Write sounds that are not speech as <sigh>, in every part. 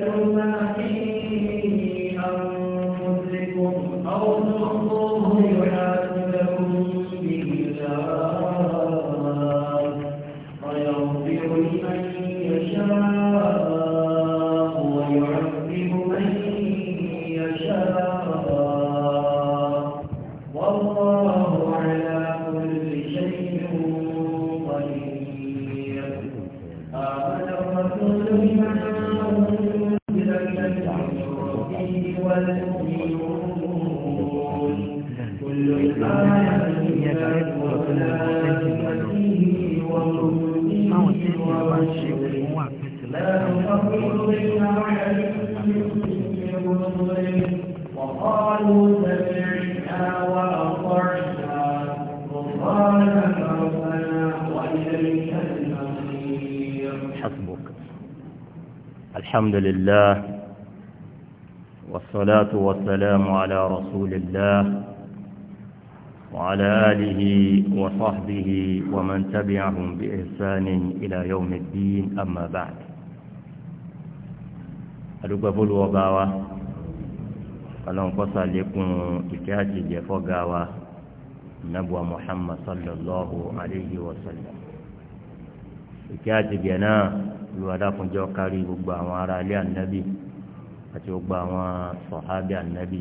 ما في أنفسكم أو تخطوه الله ويغفر لمن يشاء ويعذب من يشاء والله على كل شيء قدير آمن الرسول بما حسبك الحمد لله والصلاة والسلام على رسول الله وعلى آله وصحبه ومن تبعهم بإحسان إلى يوم الدين أما بعد adúgbò fúlùwọ́ bá wa ọlọ́run kọ́ sàlékún ìfẹ́ àti ìjẹ́fọ́ ga wa nabuwa muhammad sallallahu alayhi wa sallam ìfẹ́ àti ìjẹ́ náà olùwàdàkùnjọ́ kárí gbogbo àwọn ará ilé ànábì àti gbogbo àwọn sọ̀hábì ànábì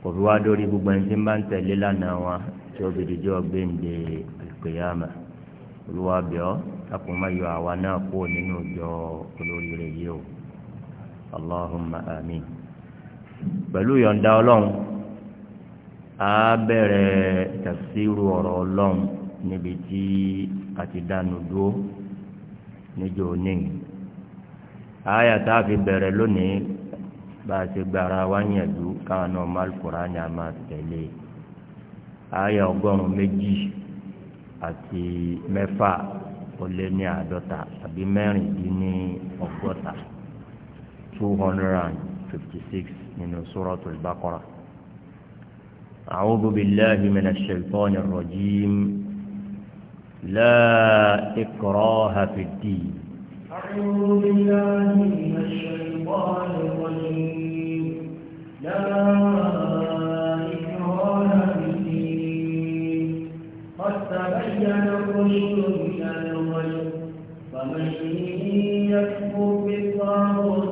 kò fi wá dórí gbogbo ẹni tí ń bá ń tẹ̀lé lánàá wọn tí ó bèrè jọ gbéǹde àlùkìyàmà olùwàbíọ́ lápò má yọ àwa náà kúrò nínú ìjọ olóríire yìí o allahumma amin pẹ̀lú yọ̀ǹda ọlọ́run a bẹ̀rẹ̀ tafsiru ọ̀rọ̀ ọlọ́run níbi tí a ti dánu dúró níjọ́ oníyìn àyà tá a fi bẹ̀rẹ̀ lónìí bá a ti gbára wá yẹ̀dú káwọn náà má ni a máa tẹ̀lé àyà ọgọ́rùn méjì àti mẹ́fà ó lé ní àádọ́ta àbí mẹ́rìndínlọ́gọ́ta. 256 من سورة البقرة أعوذ بالله من الشيطان الرجيم لا إكراه في الدين أعوذ بالله من الشيطان الرجيم لا إكراه في الدين قد تبين الرشد من الغي فمن يكفر بالطاغوت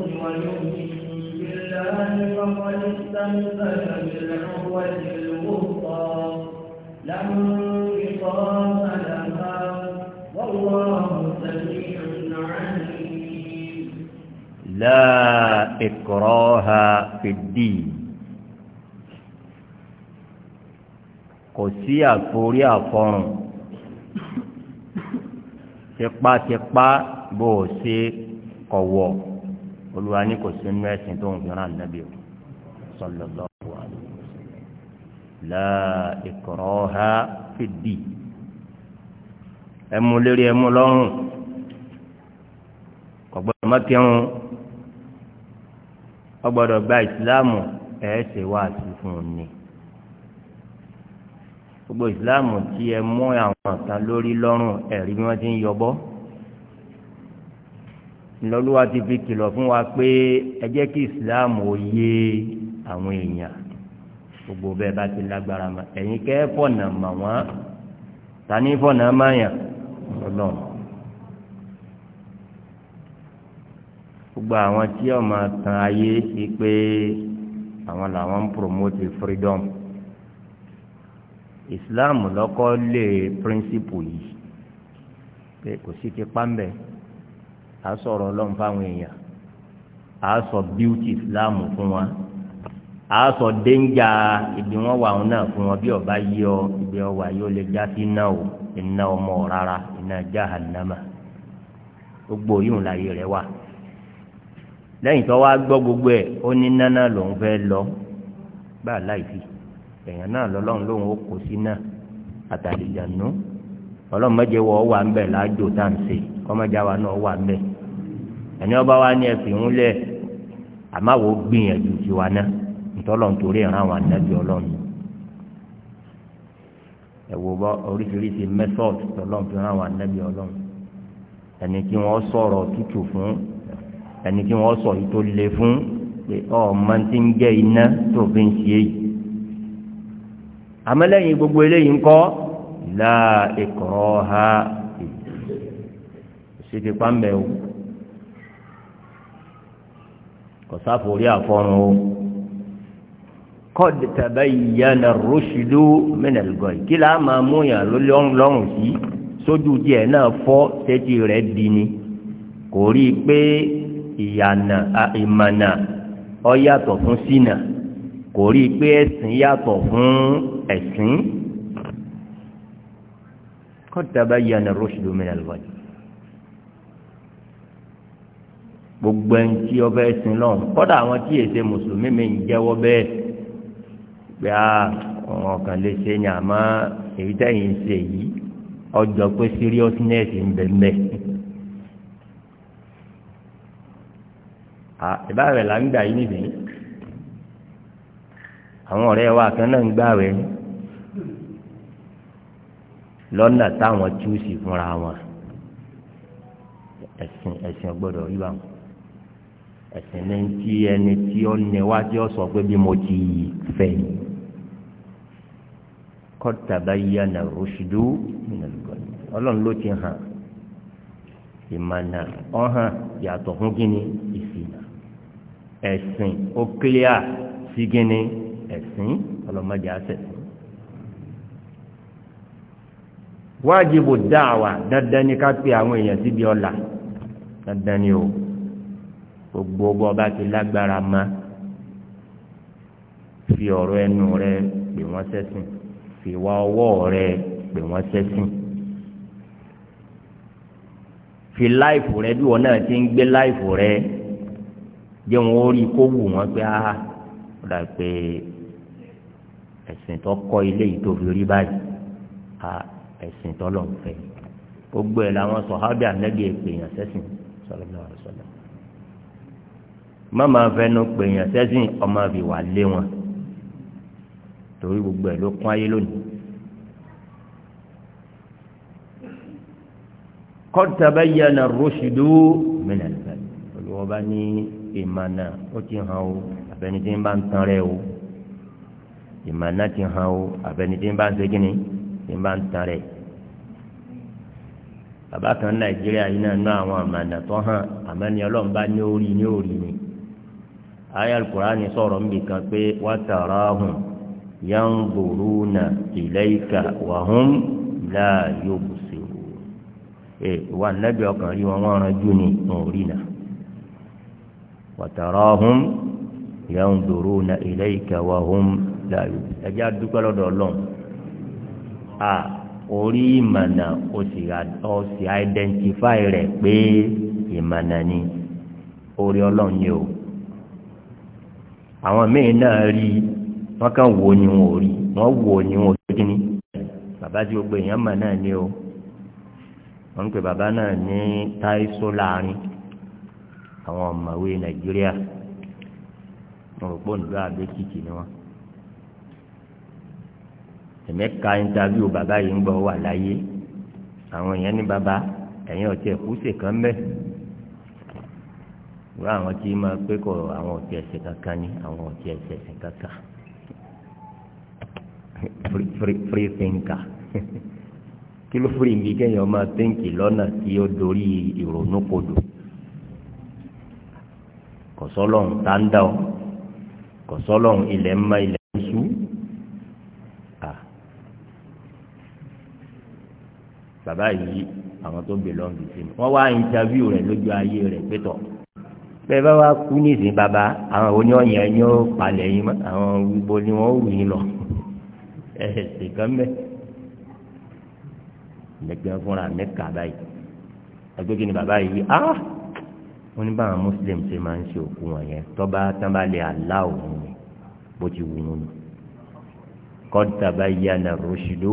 لا انقصاص في الدين kò sí àforí àfọrùn tipátipá بوسي قوة olùwà ní kò sínú ẹ̀sìn tó ń fi ràn nàbí o sallallahu alaihi wasallam la ikraha fìdí ẹmu lérí ẹmu lọ́rùn kọ̀gbọ́dọ̀ mọ́kẹ́rùn ọgbọ́dọ̀ gba ìsìláàmù ẹ̀ ṣe wá sí fún un ni gbogbo ìsìláàmù tí ẹ mú àwọn kan lórí lọ́rùn ẹ̀rí bí wọ́n ti ń yọbọ́ ńlọlọ́wọ́ ti fi kìlọ̀ fún wa pé ẹ jẹ́ kí islam ò yé àwọn èèyàn gbogbo bẹ́ẹ̀ bá ti lágbára ma ẹ̀yin kẹ́ fọ̀nà mà wọ́n tani fọ̀nà máyà lọ́lọ́ gbogbo àwọn tí ó máa tan ayé sí pé àwọn làwọn ń promote freedom islam lọ́kọ́ lé principle yìí pé kò sí ti pa ń bẹ́ẹ̀. à sọ̀rọ̀ ọlọ́run fáwọn èèyàn à sọ bíútì ìsìláàmù fún wa à sọ dénjà ibi wọn wà wọn náà fún wọn bí ọba yí ọ ibi ọwà yóò lè já sí iná o iná ọmọ rárá iná jahannama gbogbo yìí ń láyé rẹ wà lẹ́yìn tó wá gbọ́ gbogbo ẹ̀ ó ní nánà lòún fẹ́ lọ bá a láì fi èèyàn náà lọ́lọ́run lòun ó kó sí náà àtàlìjànú ọlọ́run mẹ́jẹ wọ wà ń bẹ̀ láàjò tá à ń ṣe kọ́mọ́jà wa náà wà bẹ́ẹ̀ ẹni ọba wa ní ẹ̀fìn ń lẹ̀ àmọ́ àwọn gbìyànjú tiwa náà ntọ́lọ̀ nítorí ẹ̀ràn àwọn ànábì ọlọ́run ẹ̀wò bọ́ oríṣiríṣi mẹ́tọ́ọ̀tì tọ́lọ̀ nítorí àwọn ànábì ọlọ́run ẹni kí wọ́n sọ̀rọ̀ tútù fún ẹni kí wọ́n sọ yìí tó fún pé ọmọ ti ń jẹ́ iná tó fi ń ṣe yìí àmọ́ lẹ́yìn gbogbo eléyìí ńkọ́ la ìkọ̀rọ̀ ha ṣèké pàmbẹ o kọsáfò orí àfọrùn o kọ́ọ̀dì tàbá ìyànà rọ́ṣìlú mẹ́nàlùgọ́ yìí kí láà máa mú yàn lọ́rùn sí sójú díẹ̀ náà fọ́ tẹ́tí rẹ̀ di ni kò rí i pé ìyànà ìmànà ọ yàtọ̀ fún sínà kò rí i pé ẹ̀sìn gbogbo ẹni tí ọbẹ̀ sin lọ́hùn kọ́dà àwọn tí èsè mùsùlùmí mi ń jẹ́wọ́ bẹ́ẹ̀ pé a ọ̀ràn kan lè ṣe yàn àmọ́ èyí tẹ̀yìn ṣe yìí ọjọ́ pé seriousness ń bẹ̀ mẹ́. ìbá rẹ̀ là ń gbà yín nìyí àwọn ọ̀rẹ́ wa kan náà ń gbà rẹ̀ lọ́nà táwọn túùsì fúnra wọn ẹ̀sìn ẹ̀sìn ọgbọ́dọ̀ yíwá wọn ẹ̀sìn ní ti ẹni tí ó ní wá tí ó sọ pé bí mo ti fẹ́ yìí kọ́tàbá yíyá nà rúṣìdú ọlọ́run ló ti hàn ìmànà ọ̀hàn yàtọ̀ fún gíní ìsìnà ẹ̀sìn ó kílíà sí gíní ẹ̀sìn ọlọ́mọdé àṣẹ̀sìn. wájibu dáàwà dandan ni ká pe àwọn èèyàn síbi ọ̀la dandan ni o gbogbo bọba ti lágbára ma fi ọ̀rọ̀ ẹnu rẹ pè wọ́n sẹ́sìn fi wá ọwọ́ rẹ pè wọ́n sẹ́sìn fi láìfù rẹ bí wọn náà ti ń gbé láìfù rẹ jẹ́ wọn ó rí kó wù wọ́n pé áhà ó dà pé ẹ̀sìn tó kọ́ ilé yìí tó fi rí báyìí á ẹ̀sìn tó lọ́n fẹ́ gbogbo ẹ̀ làwọn sọ̀hábì ànẹ́bí èpè yàn sẹ́sìn sallallahu alaihi wasallam mọ́mọ́ fẹnu pèèyàn sẹ́sìn ọmọ fi wà lé wọn torí gbogbo ẹ̀ ló kún ayé lónìí. qad tabayyana ar-rushdu min al-ghayy olùwọ́ bá ní ìmọ̀nà ó ti hàn ó àbẹni tí ń bá ń tan rẹ ó ìmọ̀nà ti hàn ó àbẹni bá ń ṣe kí ni bá ń tan rẹ. bàbá kan nàìjíríà yìí náà ná àwọn àmàlà tó hàn àmọ́ ọlọ́run bá ní orí ní orí ni aya alukurani sọ̀rọ̀ nbí kan pé watarahum yanzuruna ilayka wa hum la yubsiru ẹ wà nẹbi ọkàn rí wọn wọn ránjú ni wọn ò rí nà watarahum yanzuruna ilayka wa hum la yubsiru ẹjẹ adúgbò lọ́dọ̀ Ọlọ́run a orí ìmànà o sì identify rẹ pé ìmànà ni orí Ọlọ́run yẹ o àwọn míì náà rí wọ́n kàn wò ni wọn ò rí wọ́n wò ni wọn ò tó kí ni bàbá tí gbogbo èèyàn mọ̀ náà ní o wọ́n ń pè bàbá náà ní táìsó láàrin àwọn ọ̀mọ̀wé nàìjíríà wọn rò pé òǹdó àbẹ́kìkì ni wọn èmi ka intaviu bàbá yìí ń gbọ́ wà láyé àwọn èèyàn ní bàbá ẹ̀yin ọ̀tí ẹ̀kú ṣèkán mẹ́ẹ̀ wúrọ àwọn tí máa pé kọ àwọn ọtí ẹsẹ̀ kankan ní àwọn ọtí ẹsẹ̀ ẹsẹ̀ kankan free free free thinker kí ló fúri mi kéèyàn máa tẹ́ǹkì lọ́nà tí ó dorí ìrònú kodò kọ̀sọ́lọ́hún tá ń dá ọ kọ̀sọ́lọ́hún ilẹ̀ ń ma ilẹ̀ ń sú bàbá yìí àwọn tó bè lọ́n fi sí wọ́n wá interview rẹ̀ lójú ayé rẹ̀ pé bẹ́ẹ̀ bá wá kú ní ìsìn bàbá àwọn òní ọ̀yàn ẹni ó palẹ̀ yín mọ́ àwọn gbogbo ni wọ́n rù yín lọ <laughs> ẹ̀ẹ́dẹ̀ sìkan bẹ́ẹ̀ lẹ́gbẹ̀ẹ́ fúnra mi kà báyìí ẹgbẹ́ kí ni bàbá yìí á wọ́n ní báwọn muslim ṣe máa ń ṣe òkú wọn yẹn tọ́ba tán bá lè àlá òun ni bó ti wù wọn kọ́ dàbá yíyá nà rọ́ṣìlú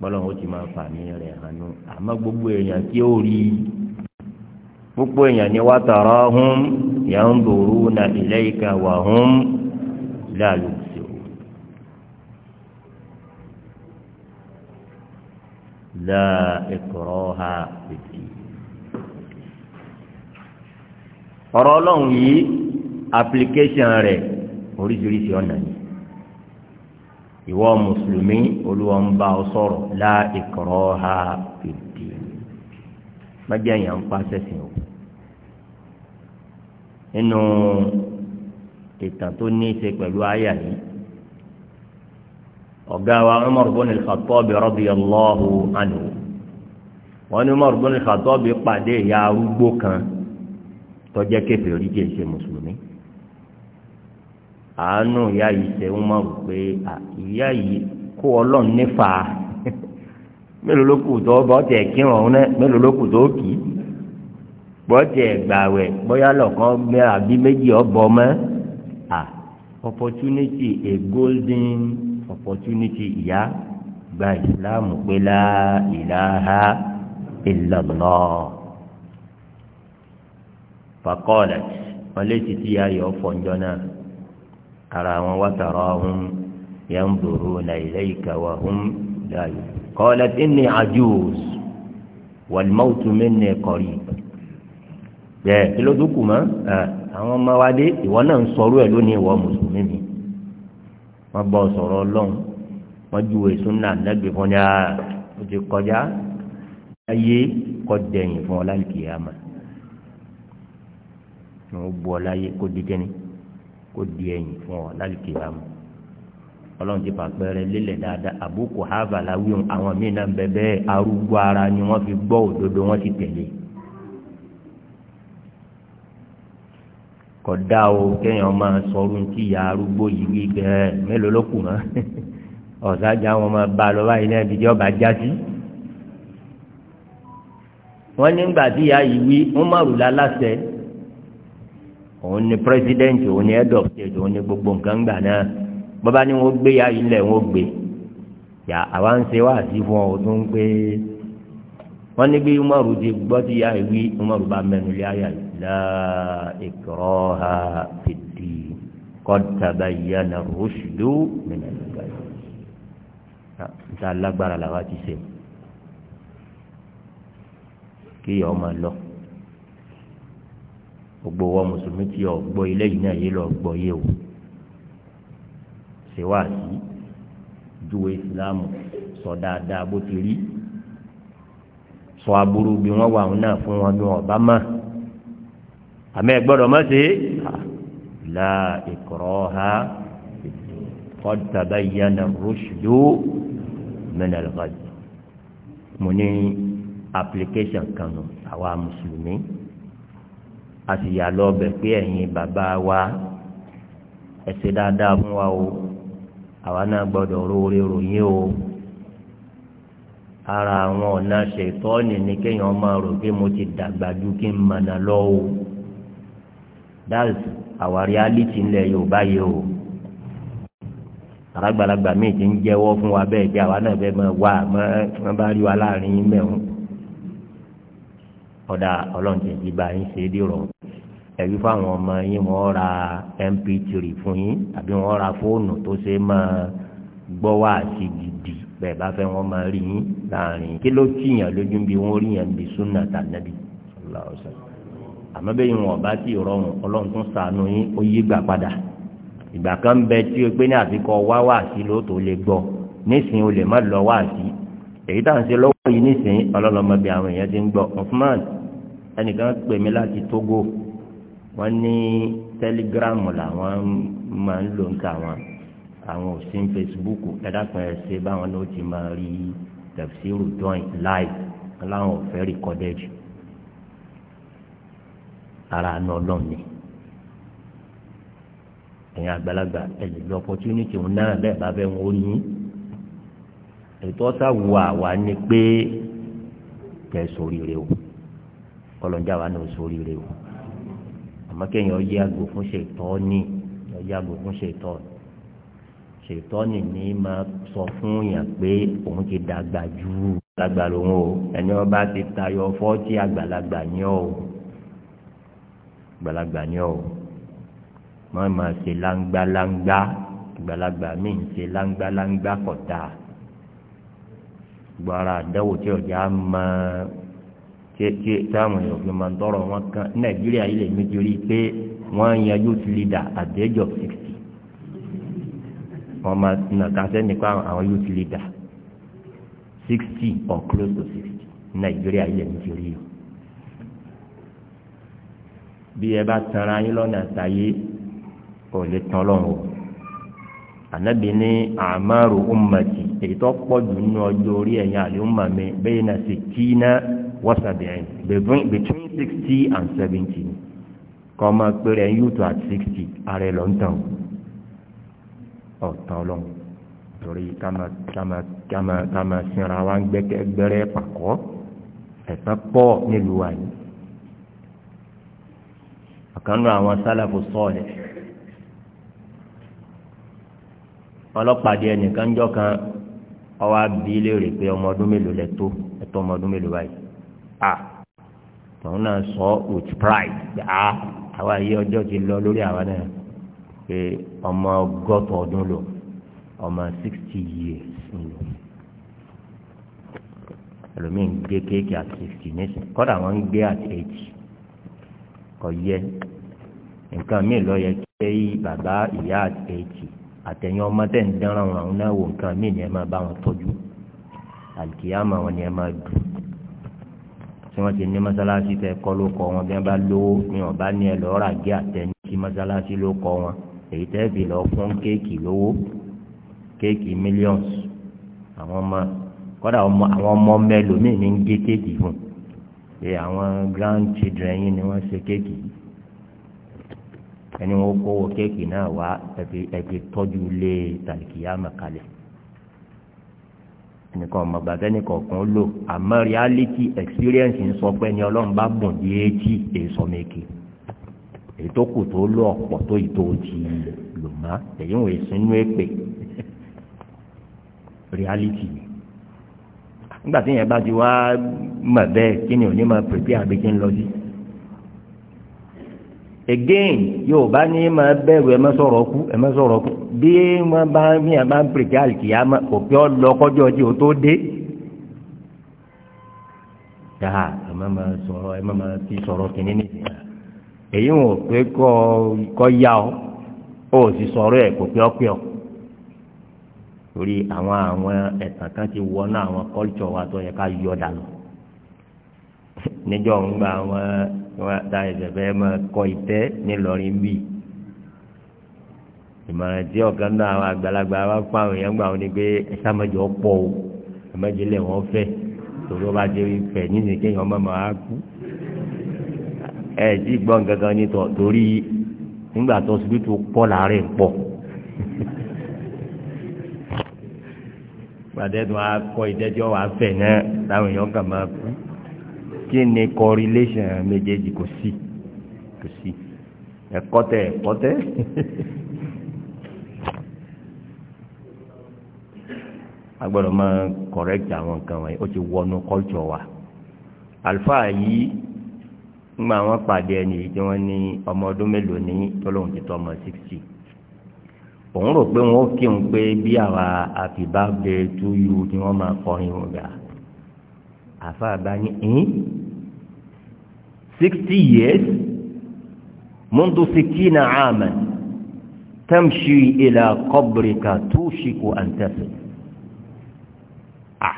bọ́lá wọn ti máa fà mí rẹ̀ hànú àmọ́ gbogbo èèyàn tí ó rí gbogbo èèyàn ni wà tọrọ hum yanzuruna ilayka wa hum la yubsirun. la ikraha fid-din. ọ̀rọ̀ ọlọ́run yìí application rẹ̀ oríṣiríṣi ọ̀nà yìí ìwọ mùsùlùmí olúwa ń bá ọ sọ̀rọ̀ la ikraha fìdí májá yẹn ń pa sẹ́sìn o nínú ìtàn tó ní í ṣe pẹ̀lú àyà yìí ọ̀gá wa Umar bin al-Khattab radiyallahu anhu wọ́n ní Umar bin al-Khattab pàdé ìyá arúgbó kan tó jẹ́ kèfèrí kìí mùsùlùmí àánú ìyá yìí ṣe ń mọ̀ pé ìyá yìí kó ọlọ́run nífà <laughs> mélòó ló kù tó bọ́ tẹ̀ kírun ọ̀hún náà mélòó ló kù tó kì í bọ́ tẹ̀ gbàwẹ̀ bóyá lọ́kàn mẹ́ra bí méjì ọ̀bọ mọ́ à opportunity a golden opportunity ìyá gba ìsìláàmù pé la ilaha illallah faqalat wọlé títí ayọ̀ fọ̀njọ́ náà ara wọn wá tàrọ ọhún yanzuruna ilayka wa hum la yubsirun. qalat inni ajuz wal mawtu minni qarib bẹ́ẹ̀ kí ló dúkù mọ́ àwọn ọmọ wa dé ìwọ náà ń sọ̀rọ̀ ẹ̀ lónìí ìwọ mùsùlùmí mi wọ́n bọ́ sọ̀rọ̀ ọlọ́run wọ́n ju èso náà lẹ́gbẹ̀ẹ́ fún yá o ti kọjá ayé kọ́ dẹ̀yìn fún ọ láìkìyàmà wọ́n bu ọ láyé kó dídẹ́ni kó di ẹ̀yìn fún ọ lálùkì yà mọ Ọlọ́run ti pàpẹrẹ lélẹ̀ dáadáa àbúkù hava láwí àwọn míín náà bẹ bẹ́ẹ̀ arúgbó ara ni wọ́n fi gbọ́ òdodo wọ́n ti tẹ̀lé. kódà o kéèyàn máa sọ̀rọ̀ ti ya arúgbó yìí wí gẹ́ẹ́ mélòó ló kù mọ́ <laughs> ọ̀sájà wọn máa bá a lọ báyìí náà dídí ọba já sí wọ́n nígbà tí ìyá yìí wí Umaru lálásẹ̀ òun ni president òun ni head of state òun ni gbogbo nǹkan gbà náà bàbá ni wọ́n gbé ya ilẹ̀ wọ́n gbé yà àwa ń ṣe wáàsí fún ọ tó ń pé wọ́n ní bí umaru ti gbọ́ ti yá ìwí umaru bá mẹ́nu lé ayà la ikraha fìdí qad tabayyana rushdu minal ghayy níta lágbára làwa ti ṣe kí ọmọ lọ gbogbo wa mùsùlùmí tí ọ gbọ́ ilé yìí náà yé lọ gbọ́ yé o ṣe wá sí júwe ìsìlámù sọ dáadáa bó ti rí sọ aburú bí wọn wà náà fún wọn ní ọba mọ àmì ẹ má ṣe la ikraha qad tabayyana ar-rushdu min mo ní application kan àwa mùsùlùmí àti ìyàlọ́ ọbẹ̀ pé ẹ̀yin bàbá wa ẹ ṣe dáadáa fún wa o àwa náà gbọ́dọ̀ róore ròyìn o ara àwọn ọ̀nà ṣètọ́ọ̀nì ni kéèyàn máa rò pé mo ti dàgbà ju kí n mọ̀nà lọ o that's our reality ńlẹ̀ Yorùbá yìí o àràgbàlagbà míì ti ń jẹ́wọ́ fún wa bẹ́ẹ̀ jẹ́ àwa náà bẹ́ẹ̀ máa wà máa bá rí wa láàrin mẹ́wọ̀n ọ̀dà ọlọ́ọ̀tẹ̀ ti bá yín ṣe é dìrọ̀ ẹ̀rí fáwọn ọmọ yín wọ́n ra mp3 fún yín àbí wọ́n ra fóònù tó ṣe é máa gbọ́ wá sí gidi bẹ́ẹ̀ bá fẹ́ wọ́n máa rí yín láàrin kí ló tìyàn lójú bí wọ́n rí yàn bí súnà tànàbí àmọ́ bẹ́ẹ̀ yìí wọ́n bá ti rọrùn ọlọ́run tún sànú yín ó yí gbà padà ìgbà kan ń bẹ tí o pé ní àfikọ́ wá wá sí lóòótọ́ lè gbọ́ nísìnyí o lè má lọ wá sí èyí tá à ń ṣe lọ́wọ́ yìí nísìnyí ọlọ́lọ́mọbìnrin àwọn èèyàn ti ń gbọ́ Usman ẹnìkan pè mí láti Togo wọ́n ní tẹlígíráàmù làwọn máa ń lò ń ta wọn àwọn ò sí Facebook ẹ̀dàkùn ẹ̀ ṣe báwọn ló ti máa rí tẹ̀síìrù joint live láwọn ò fẹ́ recorded ara àna ọlọ́run ni ẹ̀yin àgbàlagbà ẹ̀yìn lọ opportunity òun náà bẹ́ẹ̀ bá bẹ́ẹ̀ wọ́n ní ètò ọ̀sà wù àwa ni pé kẹ́ ẹ o kọlọ̀njà wa náà sórí rẹ o àmọ́ kéèyàn yàgò fún ṣètọ́ ní yàgò fún ṣètọ́ ṣètọ́ ní ní máa sọ fún yàn pé òun ti dàgbà ju àgbà lòun o ẹni wọn bá ti tayọ fọ́tí àgbàlagbà ní o àgbàlagbà ní o mọ ma ṣe langba langba àgbàlagbà mi ń ṣe langba langba kódà gbọ́ ara àdáwò tí ọ̀jà máa kéèké táwọn èèyàn fi máa ń tọrọ wọn kan nàìjíríà yìí lè pé wọn ń yan youth leader at the age of sixty wọn máa nàka sẹ́ni pa àwọn youth leader sixty or close to sixty nàìjíríà yìí lè méjì rí i bí ẹ bá tanra yín lọ́nà àtàyé ò lè tán lọ́wọ́ ànábì ní àmàrò ummati èyí tó pọ̀ jù nínú ọjọ́ orí ẹ̀yìn àlè ọmọ mi bẹ́ẹ̀ náà sì kí náà. What's at the wasabi'in between between sixty and seventy kọ́ máa péré youth at sixty ààrẹ lọ́ntàn ọ̀tàn ọlọ́run torí kama kama kama kama sinra wa ń gbẹ́kẹ́ gbẹ́rẹ́ pàkọ́ ẹ̀fẹ́ pọ̀ nílùú wa yìí àkànnú àwọn sálàfù sọ́ọ̀lẹ̀ ọlọ́pàá di ẹnìkan jọ kan ọwọ́ abilé rè pé ọmọ ọdún mélòó lẹ tó ẹ̀tọ́ ọmọ ọdún mélòó báyìí à ah. tòun náà sọ with pride à ah, àwa yìí ọjọ́ ti lọ lórí àwa náà pé ọmọ ọgọ́tọ̀ ọdún lò ọmọ sixty years ń lò ẹlòmíì ń gbé kéèkì at sixty nísìn kọ́dà wọ́n ń gbé at eighty kò yẹ nǹkan míì lọ yẹ kí bàbá ìyá at eighty àtẹ̀yìn ọmọ tẹ̀ ń dánra wọn àwọn náà wò nǹkan míì ni ẹ máa bá wọn tọ́jú àlùkìyàmọ̀ wọn ni ẹ máa dùn tí wọ́n ti ní mọ́sálásí tẹ kọ́ ló kọ́ wọn bí wọ́n bá lówó ni wọ́n bá ní ẹ lọ́ọ́ rà gé àtẹni tí mọ́sálásí ló kọ́ wọn èyí tẹ́ fi lọ fún kéèkì lówó kéèkì millions àwọn ọmọ kọ́dà àwọn ọmọ mẹ́lòmíì ní ń gé kéèkì fún pé àwọn grand children yìí ni wọ́n ṣe kéèkì ẹni wọn kówó kéèkì náà wá ẹ fi tọ́jú ilé tàlìkìyà màkàlẹ̀ ẹnìkan ọmọ gbàgbẹ́ nìkan kan lò àmọ́ reality experience ń sọ pé ní ọlọ́run bá bùn di eighty èso méjì èyí tó kù tó lò ọ̀pọ̀ tó yìí ti lò má èyí ń wò sínú èpè reality nígbà tí yẹn bá ti wá mọ̀ bẹ́ẹ̀ kí ni òní máa prepare àbí kí n lọ sí. again yóò bá ní ma bẹ̀rù ẹ má sọ̀rọ̀ kú ẹ sọ̀rọ̀ kú bí wọ́n bá bá ń pèké tó dé. dáa ma sọ̀rọ̀ ẹ ma fi sọ̀rọ̀ kìíní ni èyí wọn ò pé kọ́ ya ọ ó sì sọ̀rọ̀ ẹ̀ kò pé torí àwọn àwọn ti wọ náà àwọn wa tó yẹ ká dànù <laughs> níjọ́ ń gba tá ẹsẹ̀ fẹ́ máa kọ ìtẹ́ nílọrin bí ìmọ̀ràn tí ọ̀kan náà àwọn àgbàlagbà wa fún àwọn èèyàn gbà wọn ni pé ẹ̀sà mẹ́jọ pọ̀ o ẹ̀mẹ́jọ lẹ̀ wọ́n fẹ́ tòró bá ti fẹ̀ nínú kéèyàn ọmọ máa kú ẹ̀ tí gbọ́ nǹkan kan ní tọ̀ torí nígbà tó ṣubítù pọ̀ láàrin pọ̀ pàdé tó wàá kọ ìdẹ́jọ́ wàá fẹ̀ náà táwọn èèyàn kàn máa kú kí ni correlation méjèèjì kò sí kò sí ẹ̀kọ́ tẹ ẹ̀kọ́ tẹ. a gbọ́dọ̀ máa correct àwọn nǹkan wọ̀nyí ó ti wọnú culture wa àlùfáà yìí ńgbà wọn pàdé ẹni yìí tí wọn ní ọmọ ọdún mélòó ní tọ́lọ́hún ti tọ́ ọmọ sixty òun rò pé wọn ó kí òun pé bí àwa happy birthday to you ni wọn máa kọrin wọn gbà àfa àbá ní ẹ̀yìn sixty years منذ ستين عاما تمشي إلى قبرك توشك أن تصل ah.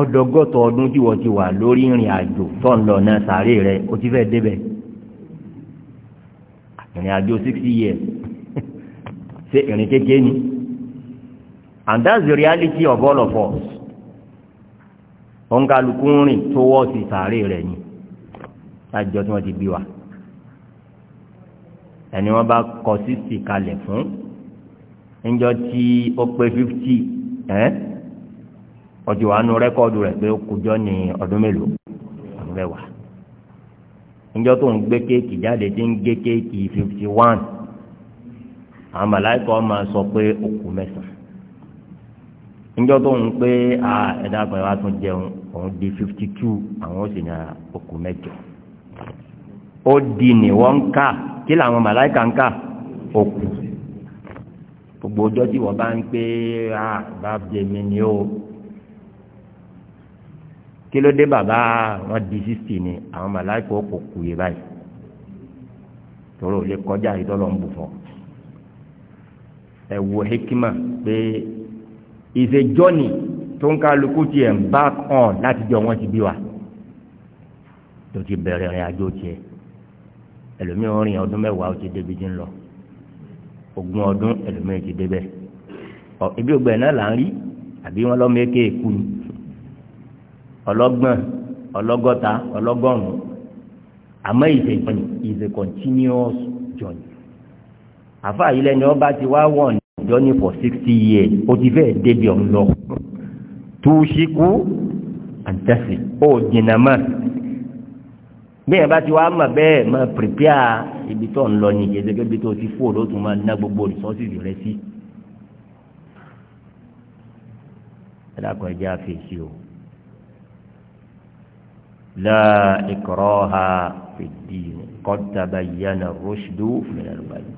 ọdọgọtọ ọdún tí wọ́n ti wà lórí ìrìn àjò tó ń lọ náà sàárè rẹ̀ ó ti fẹ́ débẹ̀ ìrìn àjò sixty years <laughs> ṣe ìrìn kékeré ni and that's the reality of all of us òǹkàlùkù ń rìn tó wọ́ọ̀sì sàárè rẹ̀ ni lájọ tí wọ́n ti bí wa ẹni wọ́n bá kọ sísì kalẹ̀ fún níjọ́ tí ó pé fifty ẹ ọtí wàá nu rẹ́kọ́ọ̀dù rẹ̀ pé ó kújọ́ ní ọdún mélòó ọdún mẹ́wàá níjọ́ tó ń gbé kéèkì jáde tí ń gé kéèkì fifty one àwọn màláìkọ máa sọ pé òkú mẹ́sàn-án níjọ́ tó ń pé ah, ẹ̀dá kan wàá tún jẹun òun di fifty two àwọn ó sì ní òkú ah, mẹ́jọ ó di ní wọ́n ń kà kí làwọn màláìka ń kà òkú gbogbo ọjọ́ tí wọ́n bá ń pé a bàbá mi ni ó kí ló dé bàbá wọn di sixty ni àwọn màláìka ó kò kú yé báyìí tòrò lè kọjá ìtọ́lọ̀ ń bù fọ́ ẹ wo hekima pé is a journey tó ń kálukú tiẹ̀ ń back on láti jọ wọ́n ti bí wa tó ti bẹ̀rẹ̀ ìrìn àjò tiẹ̀ ẹlòmíì orin ọdún mẹ́wàá ó ti débi dín lọ ogún ọdún ẹlòmíì ti débẹ̀ ọ ibi ògbẹ náà là ń rí àbí wọn lọmọ eke èkú ni ọlọ́gbọ̀n ọlọ́gọ́ta ọlọ́gọ́rùn àmọ́ ìṣe journey is a continuous journey àfa yìí lẹni ọba ti wá wọn journey for sixty years ó ti fẹ́ débi ọ̀hún lọ tuusiku àǹtẹ̀sí ó jìnnà mọ́ bẹ́ẹ̀ bá ti wá mà bẹ́ẹ̀ máa pèpéà ibi tó ń lọ ní ìyẹ́dẹ́gbẹ́ bí tó ti fò ló tún máa ná gbogbo rìsọ́ọ̀sì rẹ sí. ẹ̀dàkọ̀ ẹ̀jẹ̀ àfẹ́sí o. la ikraha fid din qad tabayyana ar-rushdu min al-ghayy.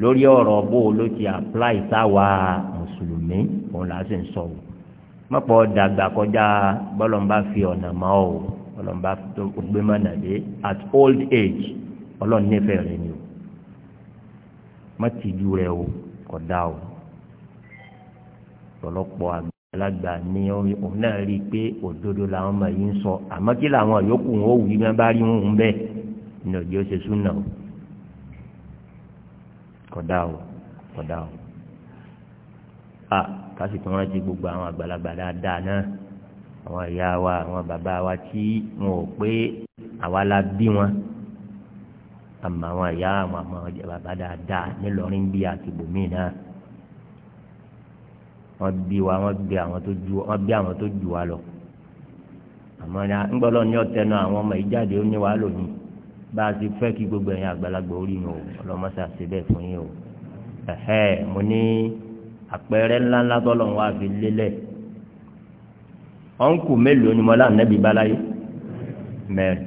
lórí ọ̀rọ̀ bó ló ti apply sáwa mùsùlùmí òun là á sì ń sọ̀rọ̀ mọ́pọ̀ dàgbà kọjá bọ́lọ̀ ń bá fi ọ̀nà mọ́ ọ́ ọlọ́mọba tó gbé mọ́nà at old age ọlọ́run nífẹ̀ẹ́ rẹ ni o má tìjú rẹ o kódà o ọ̀pọ̀lọpọ̀ àgbàlagbà ni òun náà rí i pé òdodo làwọn ọmọ yìí ń sọ àmọ́ kí làwọn yòókù wọn ò wí bí wọ́n bá rí wọn bẹ́ẹ̀ ní òjò ṣe súnà o kódà o kódà o a kásìkò rántí gbogbo àwọn àgbàlagbà dáadáa náà àwọn ìyá wa àwọn bàbá wa tí wọn ò pé àwa la bí wọn àmọ́ àwọn ìyá àwọn àmọ́ ọjà bàbá dáadáa nílọrin bí àtìbòmí náà wọn bí wa wọn bí àwọn tó ju wọn bí àwọn tó ju wa lọ àmọ́ ní ńgbọ́dọ̀ ní ọ̀tẹnu àwọn ọmọ ìjáde ó ní wàá lòní bá a ti fẹ́ kí gbogbo ẹ̀yin àgbàlagbà orí mi ò ọlọ́mọṣà ṣe bẹ́ẹ̀ fún yín o ẹ̀hẹ́ mo ní àpẹẹrẹ ńláńlá tọ́lọ́ wa fi lélẹ̀ ọ̀nkù mélòó ni mọ́lá ànábì bá láyé mẹ́rin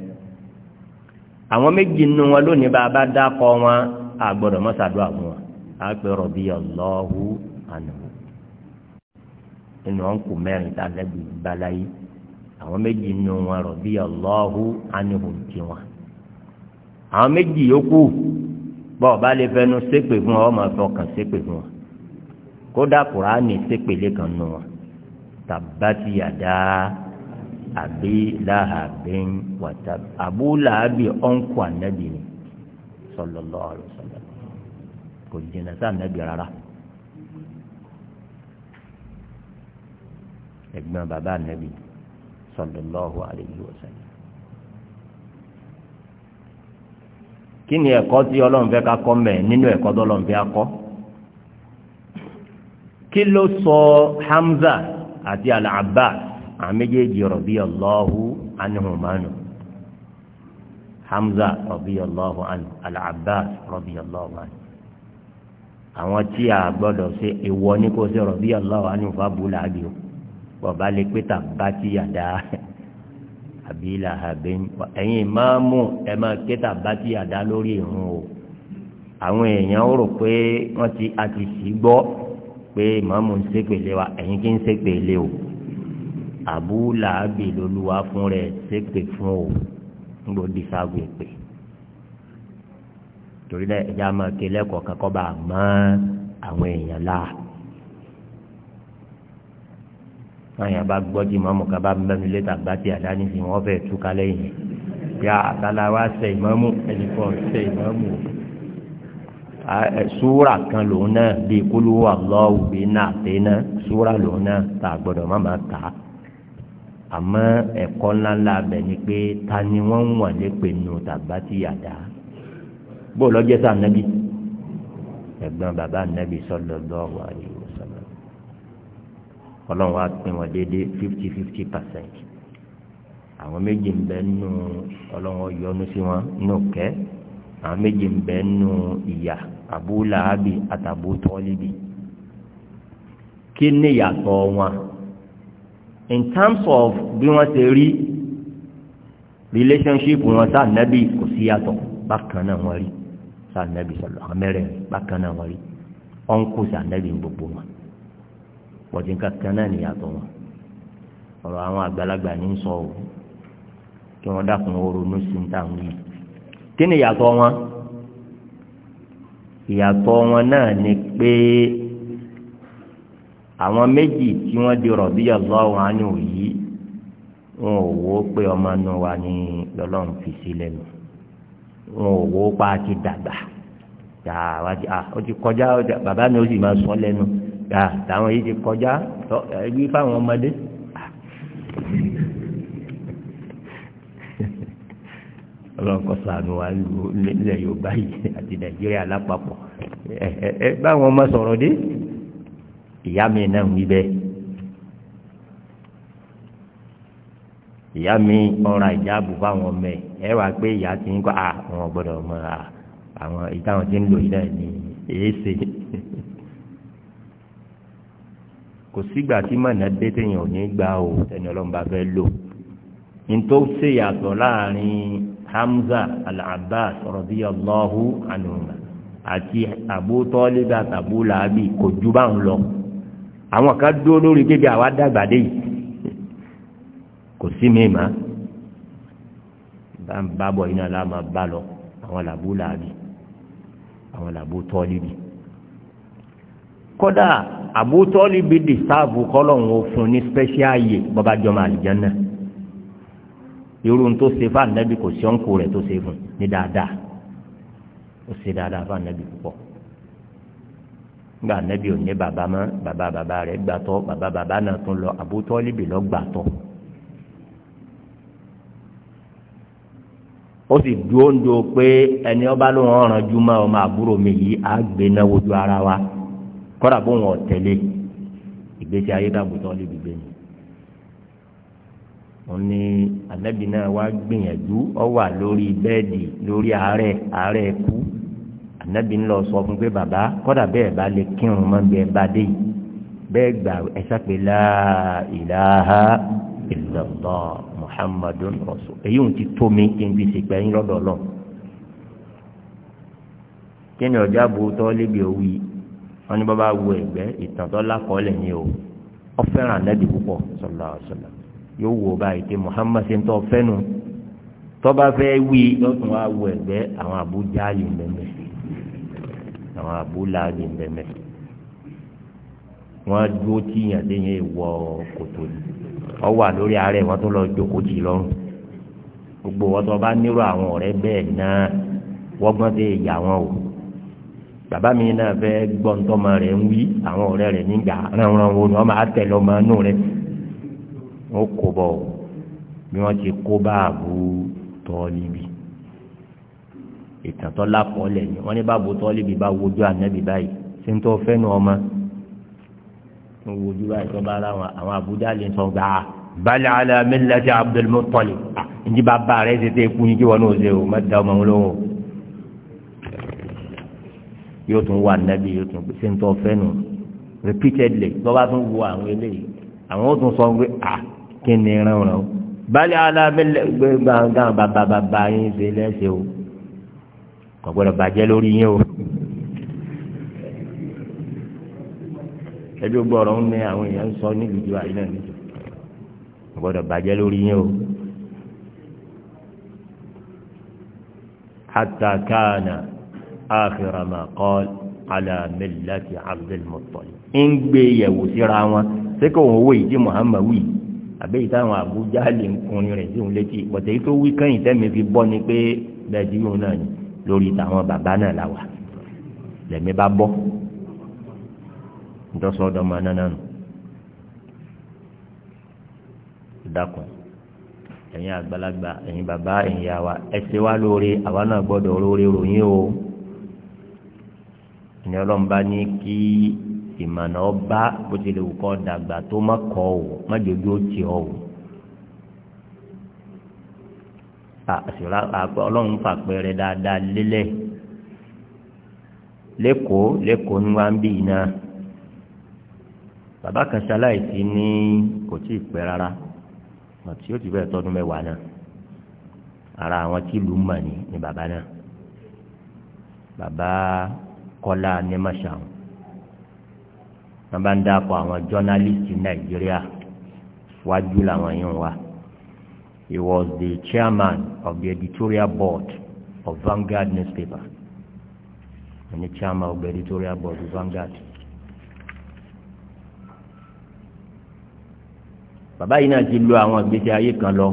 àwọn méjì nínú wọn lónìí bá a bá dákọ wọn àgbọ̀dọ̀ mọ́sàdúrà fún wọn á pè rọ̀bì ọlọ́hu ànáwó nínú ọ̀nkù mẹ́rin tá ànábì bá láyé àwọn méjì nínú wọn rọ̀bì ọlọ́hu ànáwó ti wọn àwọn méjì yòókù bọ́ ọba lè fẹnu ṣépè fún ọ ọmọ ẹ̀fọ́ kan ṣépè fún wọn kódà kùránì ṣépè lẹ́kan nù wọn tàbátì yàdá àbí láhàbín wàtà àbú làábì ọ̀nkù ànábì ni sallallahu alaihi wasallam kò jìnnà sí ànábì rárá. ẹ̀gbọ́n bàbá ànábì sallallahu alaihi wasallam. kí ni ẹ̀kọ́ tí ọlọ́run fẹ́ ká kọ́ mẹ́ nínú ẹ̀kọ́ tó ọlọ́run fẹ́ kọ́ kí ló sọ Hamza àti alàbá àwọn méjèèjì radiyallahu anhumánu hamza radiyallahu anhu alàbá radiyallahu anhu àwọn tí a gbọ́dọ̀ ṣe ìwọ ní kò ṣe radiyallahu anhu fábùlà àbí o bọba lè pé tàbá tí yàdá àbí <laughs> làhàbẹ́yìn ẹ̀yin ìmáàmù ẹ̀ máa ké tàbá tí yàdá lórí ìrun o àwọn èèyàn rò pé wọ́n ti àti sí gbọ́ pé ìmáàmù ń ṣépèlé wa ẹ̀yin kí ń ṣépèlé o àbú làábì fún rẹ̀ ṣépè fún o nígbò dísáàgù èpè torí náà ẹja máa ké lẹ́kọ̀ọ́ kankan bá a mọ́ àwọn èèyàn la báyà bá gbọ́ tí ìmáàmù kan bá mẹ́nu létà gbá tí àdá nísìnyí wọ́n fẹ́ẹ́ tú kálẹ̀ yìí yá àtàlà wa ṣe ìmáàmù ẹnìkan ṣe ìmáàmù o súra kan lòun náà bí kúlúwà lọ́wọ́ bí náà tẹ́ná súra lòun náà tá a gbọ́dọ̀ má máa tà á àmọ́ ẹ̀kọ́ ńláńlá bẹ̀ ni pé ta ni wọ́n ń wà lépè nù tàbá ti yàdá bó lọ́jọ́ sá nẹ́bí ẹ̀gbọ́n bàbá nẹ́bí sallallahu alaihi wasallam ọlọ́run wa pín wọn déédéé fifty fifty percent àwọn méjì ń bẹ nù ọlọ́run yọ́nú sí wọn nù kẹ́ àwọn méjì ń bẹ nù ìyà àbú làábì àtàbú tọ́líbì kí ni ìyàtọ̀ wọn in terms of bí wọ́n ṣe rí relationship wọn sáà nẹ́bí kò sí yàtọ̀ bákan náà wọ́n rí sáà nẹ́bí sọ̀rọ̀ àmẹ́rẹ̀ bákan náà wọ́n rí ọ̀nkù sáà nẹ́bí gbogbo wọn wọ́n ti ń kankan náà níyàtọ̀ wọn ọ̀rọ̀ àwọn àgbàlagbà ní sọ kí wọ́n dákun oorun ní sinta wí kí ni ìyàtọ̀ wọn ìyàtọ̀ wọn náà ni pé àwọn méjì tí wọ́n di rọ̀bíyà lọ́wọ́ àánú yìí wọn ò wò ó pé ọmọ inú wa ni lọ́lọ́run fi sílẹ̀ nù wọn ò wò ó pa ti dàgbà yà wá ti à ó ti kọjá bàbá mi ó sì máa sọ lẹ́nu yà táwọn yìí ti kọjá ẹ fáwọn ọmọdé. ọlọ́nkọ́ sànù wa nílẹ̀ yorùbá yìí àti nàìjíríà lápapọ̀ ẹ ẹ báwọn ọmọ sọ̀rọ̀ dé ìyá mi náà wí bẹ́ẹ̀ ìyá mi ọ̀ra ìjáàbù fáwọn ọmọ ẹ ẹ wá pé ìyá ti ń kọ́ à wọn gbọ́dọ̀ mọ àwọn ìtàwọn tí ń lò yìí ní èé ṣe kò sígbà tí mọ̀nà dé téèyàn ò ní gbà ó tẹni ọlọ́mọba fẹ́ lò ní tó ṣèyàtọ̀ láàrin hamza al-abbas radiyallahu anhuma àti abu talib àti abu lahabi kò ju báwọn lọ àwọn kan dúró lórí kébi àwa dàgbà dé yìí kò sí mi mà bá ń bá bọ̀ iná la máa bá lọ àwọn làbú àwọn làbú kódà àbú tọ́líbi dìsáàbù kọ́lọ́hún ó fún ní special yè bọ́bá jọmọ àlìjánná irú tó ṣe fún anabi kò sí ọ̀nkù rẹ̀ tó ṣe fún ní dáadáa ó ṣe dáadáa fún anabi púpọ̀ gba anabi ò ní bàbá mọ́ bàbá bàbá rẹ̀ gbàtọ́ bàbá bàbá náà tún lọ Abu Tọ́líbì lọ gbàtọ́ ó sì dúró ń do pé ẹni ọba ló ń ju mọ́ ọmọ àbúrò mi yìí á gbé náà wojú ara wa kọ́dà bó wọn tẹ̀lé ìgbésí ayé dàbò Tọ́líbì gbé ni wọ́n ní ànábì náà wá gbìyànjú ọ wà lórí bẹ́ẹ̀dì lórí àárẹ̀ àárẹ̀ kú ànábì ńlọ sọ fún pé bàbá kọ́dà bẹ́ẹ̀ bá lè kírun mọ́ bẹ́ẹ̀ bá dé yìí bẹ́ẹ̀ gbà ẹ sápẹ́ la ilaha illallah muhammadun rasul èyí ò ti tó mi kí n fi ṣègbà yín lọ́dọ̀ lọ. kí ni ọjà bu tọ́ lébi òwì wọn ni bàbá wo ẹ̀gbẹ́ ìtàn tó lákọọ́lẹ̀ ni o ọ fẹ́ràn ànábì púpọ̀ sallallahu alaihi yóò wò báyìí pé Muhammad ṣe ń tọ́ fẹ́nu tọ́ba fẹ́ wí lọ́tún wá wọ ẹ̀gbẹ́ àwọn àbújá yìí ń bẹ̀mẹ̀ àwọn àbúlá yìí ń bẹ̀mẹ̀ wọ́n dúró tí ìyàndéyìn wọ kòtò yìí ọ wà lórí ààrẹ wọn tó lọ jòkó tì lọ́rùn gbogbo wọn tó bá nírò àwọn ọ̀rẹ́ bẹ́ẹ̀ náà wọ́gbọ́n dé ìyá wọn o bàbá mi náà fẹ́ gbọ́ntọ́mọ rẹ̀ ń wí àwọn ọ̀rẹ́ rẹ̀ nígbà ránranwo ni wọ́n máa tẹ̀lé ọmọ inú rẹ̀ wọn kó bọ ọ bí wọn ti kó bá àbú tọ́líbi ìtàtọ́ lápọ̀ọ́lẹ̀ ni wọ́n ní bá àbú tọ́líbi bá wojú ànábì báyìí ṣé ń tọ́ fẹ́nu ọmọ ń wojú báyìí tó bá láwọn àwọn àbújá lè sọ gbà á ah, bal ala millati Abdul Muttalib ah, ǹjí bàbá rẹ̀ ṣe tẹ́ kú yín kí wọ́n náà ṣe o má da ọmọ yóò tún wà ànábì yóò tún ṣé ń tọ́ fẹ́nu repeatedly tó bá tún wo àwọn eléyìí àwọn ó tún sọ pé ah kí ni ìran ọ̀rọ̀ o balẹ̀ alábẹ́lẹ̀ gbẹ̀gbẹ̀ bàbàbà yín ṣe lẹ́sẹ̀ o kò gbọ́dọ̀ bàjẹ́ lórí yín o. ẹbí gbọ́ ọ̀rọ̀ ń ní àwọn èèyàn ń sọ nílùú ju àyè náà kò gbọ́dọ̀ bàjẹ́ lórí yín o. حتى كان آخر ما قال على ملة عبد المطلب ń gbé yẹ̀wò síra wọn ṣé kò wọ́n wò yìí yìí àbẹ́yìí táwọn àbújá lè ń kun rẹ̀ sí òun létí pọ̀tẹ́ yìí tó wí kẹ́yìn tẹ́mi fi bọ́ ni pé bẹ́ẹ̀ ti yóò náà ni lórí tàwọn bàbá náà la wà lẹ́mi bá bọ́ ntọ́sọ́ ọ̀dọ́mọ náà dákun ẹ̀yin àgbàlagbà ẹ̀yin bàbá ẹ̀yin yàwá ẹsẹ̀ wa lóore àwa náà gbọ́dọ̀ lóore ròyìn o ìní ọlọ́mùbá ní kí ìmọ̀nà ọba bó ti lè kọ́ dàgbà tó má kọ́ ò má jòjú ó ti ọ̀ ò. àṣìlá ọlọ́run fàpẹẹrẹ dáadáa lélẹ̀ lẹ́kọ̀ọ́ lẹ́kọ̀ọ́ ní wá ń bí iná bàbá kan ṣaláìsí ní kò tí ì pẹ́ rárá àti yóò ti bẹ́ẹ̀ tọ́dún mẹ́wàá náà ara àwọn tí ìlú mọ̀ ní ni bàbá náà bàbá kọ́lá ní màṣáwọn wọn bá ń dàpọ̀ àwọn jọ́nálìstì nàìjíríà wájú làwọn yìí wá he was the chairman of the editorial board of Vanguard newspaper ẹni chairman of the editorial board of Vanguard. bàbá yìí náà ti lo àwọn ìgbésí ayé kan lọ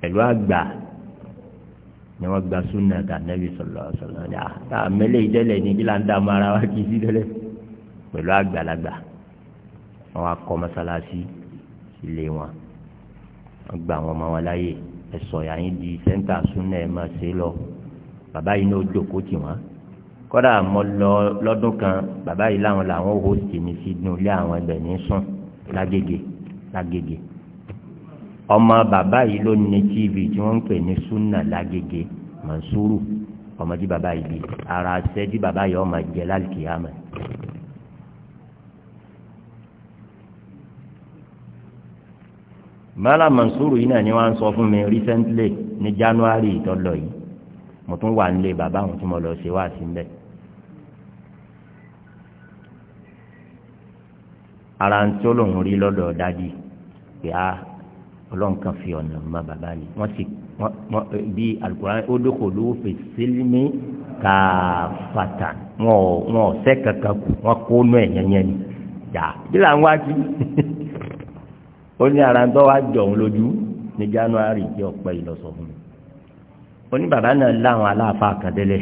pẹ̀lú àgbà ni wọ́n gba súnà tà nẹ́bí sọ̀lọ́ sọ̀lọ́ ní àmẹ́lẹ́ ìtẹ́lẹ̀ ní kí là ń dààmú ara wa kì í sí tẹ́lẹ̀ pẹ̀lú àgbàlagbà wọn wá kọ́ mọ́sálásí ilé wọn wọn gba àwọn ọmọ wọn láàyè ẹ̀sọ̀ yà yín di sẹ́ńtà súnà ẹ̀ máa ṣe lọ bàbá yìí náà jókòó tì wọ́n kọ́dà mọ́ lọ lọ́dún kan bàbá yìí láwọn làwọn ò hòsì mi sínú ilé àwọn ẹgbẹ̀ ní sùn lágége lágége ọmọ bàbá yìí ló ní tv tí wọ́n ń pè ní súnà lágége Mansuru ọmọ tí bàbá yìí bí ara ṣẹ́ tí bàbá yìí ọmọ jẹ lálùkìyàmẹ́ mala Mansuru yìí náà ni wọ́n sọ fún mi recently ní January ìtọlọ yìí mo tún wà nílé bàbá àwọn tí mo lọ ṣe wá sí mbẹ. ara ń tó lòun rí lọ́dọ̀ dájú pé a ah, ọlọ́run kan fi ọ̀nà mọ bàbá yìí wọ́n sì wọ́n bí alukóran ó dókòó lówó fi sílímì káfàtà wọn ò wọn ò sẹ́ kankan kù wọ́n kó nú ẹ̀ yẹn bí làwọn wá kí. <laughs> ó ní ara tó wá jọ òun lójú ní january tí ọ̀pẹ yìí lọ sọ fún mi ó ní bàbá náà láwọn aláàfáà kan délé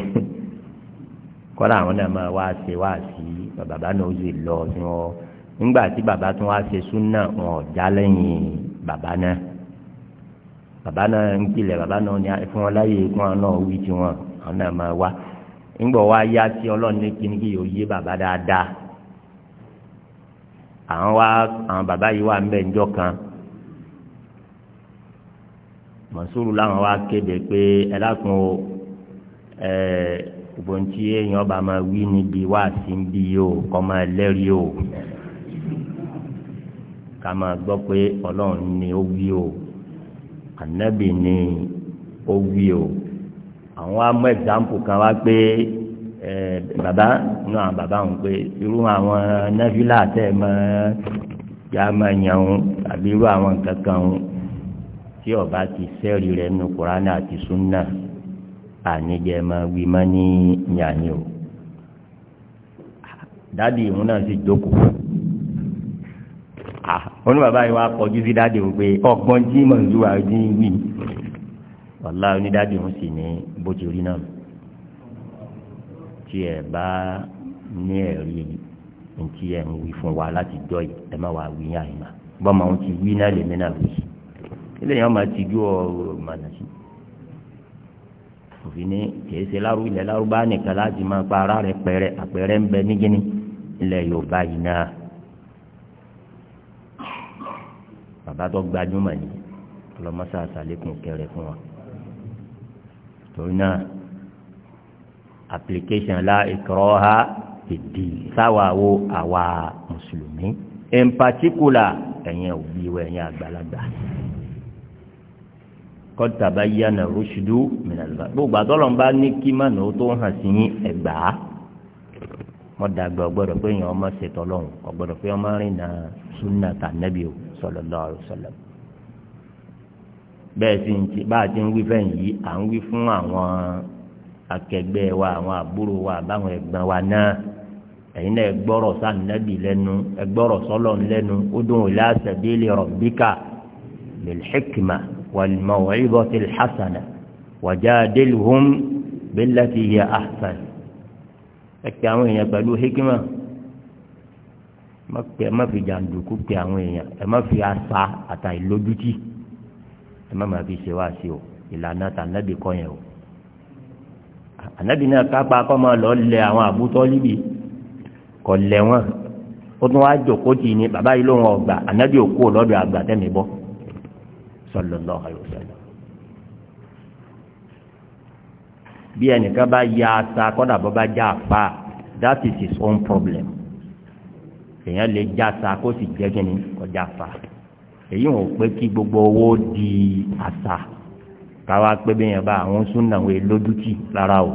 <laughs> kọ́lá àwọn náà máa wá ṣe wá sí bàbá náà ó sì lọ sí wọn nígbà tí bàbá tún wá ṣe súnà wọn ò já lẹ́yìn bàbá náà bàbá náà ń gbilẹ̀ bàbá náà ní fún wọn láyé kí wọn náà wí tiwọn àwọn náà máa wá ńgbọ̀ wá yá sí ọlọ́run ní kíní kí yóò yé bàbá dáadáa àwọn wa àwọn bàbá yìí wà ń bẹ kan mọ̀sùrù làwọn wa kéde pé ẹ dákun o ẹ gbontí èèyàn bá máa wí níbi wá sí ń bí o kọ́ máa lẹ́rìí o ká máa gbọ́ pé ọlọ́run ni ó wí o ànábì ni ó wí o àwọn amú ẹ̀dáǹpù kan wá pé. bàbá inú àwọn bàbá wọn pé irú àwọn nẹ́fílà tẹ́ ẹ máa yá máa yàn wọn àbí irú àwọn kankan wọn tí ọba ti sẹ́ẹ̀rì rẹ̀ nínú Kùránì àti súnà àníjẹ máa wí má ní yàní o dádì ìhun náà sì jókòó wọn ní bàbá yìí wá kọjú sí dádì wọn pé ọgbọ́n jí mọ̀ ní wàá dín wí wàlá onídádì ìhun sì ní bó ti rí náà tí ẹ bá ní ẹ̀rí ntí ẹ ń wí fún wa láti jọ yìí ẹ má wàá wí yàn àyìnbá bọ́mọ ohun ti wí náà lèmi náà wí sí ilé yẹn máa ti ju ọ̀rọ̀ mànà sí òfin ní kìí ṣe lárú ilẹ̀ lárúbá nìkan láti máa pa ara rẹ̀ pẹ̀rẹ̀ àpẹẹrẹ ń bẹ nígínní ilẹ̀ yorùbá yìí náà bàbá tó gbajúmọ̀ ni ọlọ́mọṣáṣá lẹ́kùn kẹrẹ fún wa torí náà application la ikroha fìdí sáwà wo àwa mùsùlùmí in particular ẹ̀yin òbí wa ẹ̀yin àgbàlagbà kọ́ńtà bá yá na rúṣùdú mìnàlùbá gbogbo àtọ́lọ̀ ń bá ní kí má nà ó tó hàn sí yín ẹ̀gbá wọ́n dàgbà ọgbọ́dọ̀ pé èèyàn ọmọ ṣètò ọlọ́run ọgbọ́dọ̀ pé ọmọ rìn náà súnà tànẹ́bí o sallallahu alaihi wasallam bẹ́ẹ̀ sì ń bá a ti ń wí fẹ́yìn yìí à ń wí fún àwọn akẹgbẹ́ wa àwọn àbúrò wa àbáwọn ẹ̀gbọ́n wa náà ẹ̀yin náà ẹgbọ́rọ̀ sànàbì lẹ́nu ẹgbọ́rọ̀ sọ́lọ̀ lẹ́nu ud'u ila sabili rabbika bil hikma wal maw'izati al hasana wajadilhum billati hiya ahsan ẹ̀kẹ́ àwọn èèyàn pẹ̀lú hikma ẹ má fi jàǹdùkú pè àwọn èèyàn ẹ má fi àṣà àtàìlójútì ẹ má má fi ṣe wá sí o ìlànà tànàbì kọ́ yẹn o ànábì náà kápá kọ́ máa lọ lẹ àwọn àbútọ́ líbi kọ́ lẹ wọn ó tún wáá jòkó tì ní bàbá yìí lóun ọgbà ànábì òkú lọ́dọ̀ àgbà tẹ̀mí bọ́ sallallahu alaihi wasallam. bí ẹnìkan bá ya asa kọ́dà bọ́ bá já àfa that is his own problem èèyàn lè já asa kó sì jẹ́ kí ni kọjá àfa èyí wọn ò pé kí gbogbo owó di asa káwa pé bẹ́ẹ̀ yẹn bá àwọn súnà wọn lójútì rárá o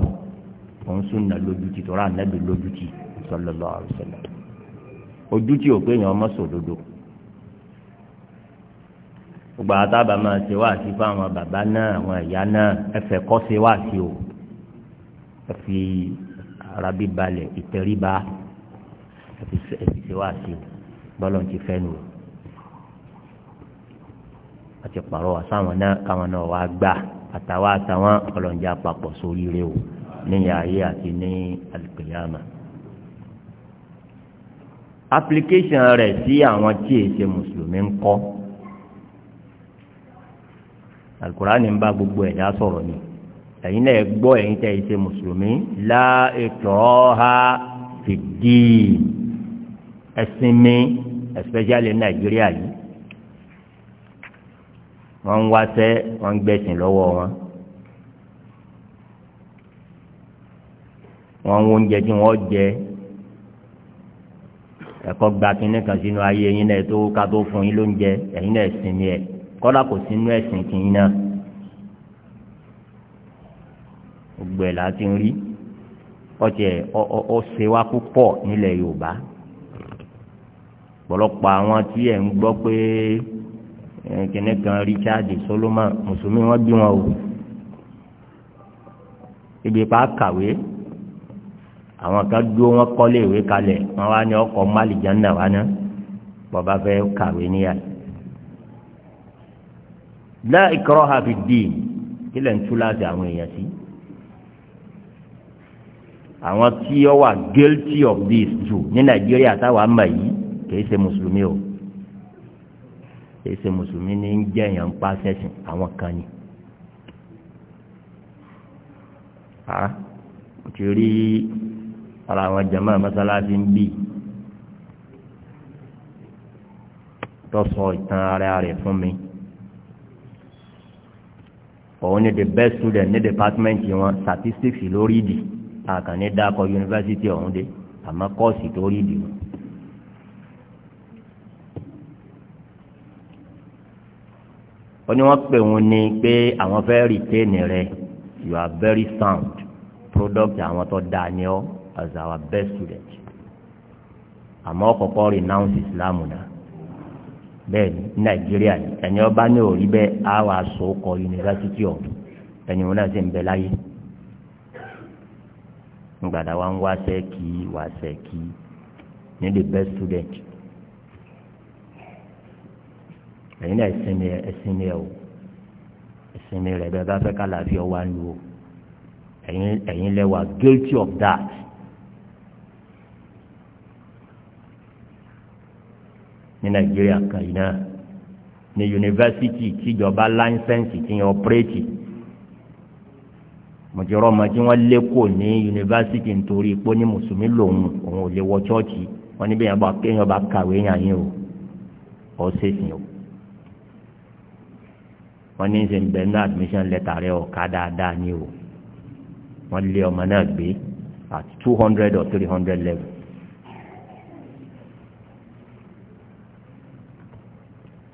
àwọn súnà lójútì tó rà nẹ́bí lójútì sallallahu alaihi wasallam ojútì ò pé yẹn ọmọ sòdodo gbogbo àtàbà máa ṣe wáàsí fáwọn bàbá náà àwọn ìyá náà ẹfẹ kọ́ ṣe wáàsí o ẹfi arabi balẹ̀ ìtẹríba ẹfi ṣe wáàsí o bọ́lọ̀ ti fẹ́ nu o àti pàrọ̀ wá sáwọn náà káwọn náà wá gbà àtàwọn àtàwọn ọlọ́njà papọ̀ sórí rẹ o níyà ayé àti ní alìkèyàmà. application rẹ̀ sí àwọn tí èsè mùsùlùmí ń kọ́ alukurani ń bá gbogbo ẹ̀dá sọ̀rọ̀ ni ẹ̀yin náà gbọ́ ẹ̀yin tẹ́ èsè mùsùlùmí la ikraha fid din ẹ̀sìn mi especially nàìjíríà yìí wọ́n ń wáṣẹ́ wọ́n ń gbẹ̀sìn lọ́wọ́ wọn. wọ́n ń wo oúnjẹ tí wọ́n jẹ ẹ̀kọ́ gba kínní kan sínú ayé yín náà tó ká tó fún yín lóúnjẹ ẹ̀yin náà sinmi ẹ̀ kọ́dà kò sínú ẹ̀sìn kìíní náà gbogbo ẹ̀ láti ń rí ọ̀tẹ̀ ọ̀ṣẹ̀ wa púpọ̀ nílẹ̀ Yorùbá ọ̀pọ̀lọpọ̀ àwọn tí ẹ̀ ń gbọ́ pé. Pe Eh, kìnnì kan Richard Solomon mùsùlùmí wọn bí wọn o ibi pa kàwé àwọn kan dúró wọn kọ́lé ìwé kalẹ̀ wọn wá ní ọkọ̀ málìjánná wá ná bọ́ba fẹ́ kàwé níyà la ikraha fi ddin kílẹ̀ ń túláàsì àwọn èèyàn sí àwọn tí ó wà guilty of this too. ní Nàìjíríà táwa mọ̀ yìí kì í ṣe mùsùlùmí o èsì mùsùlùmí ní ń jẹ́ èèyàn ń pa sẹ́sìn àwọn kan ni. a ti rí ara àwọn jama masalasi ń bì tó sọ ìtàn ara rẹ̀ fún mi òun ni the best student ní department wọn statistics lórí ìdì àkànní dákọ yunifásitì ọ̀hún dé àmọ́ kọ́ọ̀sì tó rí ìdì wọn. Oni ní wọ́n pè wọ́n ní pé àwọn fẹ́ retain rẹ you are very sound product àwọn tó dáa ni ọ́ as our best student àmọ́ kọ́kọ́ renounce Islam náà bẹ́ẹ̀ ni Nàìjíríà ẹni ọba ní òrí bẹ́ẹ̀ á wà sókọ yunifásitì ọ̀hún ẹni wọn náà sì ń bẹ láyé ngbàdá wa ń wá sẹ́ẹ̀kì wá sẹ́ẹ̀kì ní the best student ẹ̀yin náà ẹ̀sìnmi ẹ̀sìnmi ẹ̀ o ẹ̀sìnmi rẹ̀ bẹ́ẹ̀ bá fẹ́ ká làáfíà wá ń lu o ẹ̀yin ẹ̀yin lẹ wà guilty of that. ní nàìjíríà kan yìí náà ní yunifásitì tíjọba láńsẹ́ǹsì ti yan ọ̀pẹ́rẹ́tì mọ̀jọ́rọ́ ọmọ tí wọ́n lé kò ní yunifásitì nítorí pé ní mùsùlùmí lòun òun ò lè wọ chọ́ọ̀chì wọ́n níbẹ̀ yẹn bá kéèyàn bá kàwé yàn yín o ọ̀ ṣèṣìn o wọ́n ní sè ń bẹ ní admission letter rẹ ọ̀ka dáadáa ni o wọ́n lé ọmọ náà gbé at two hundred or three hundred level.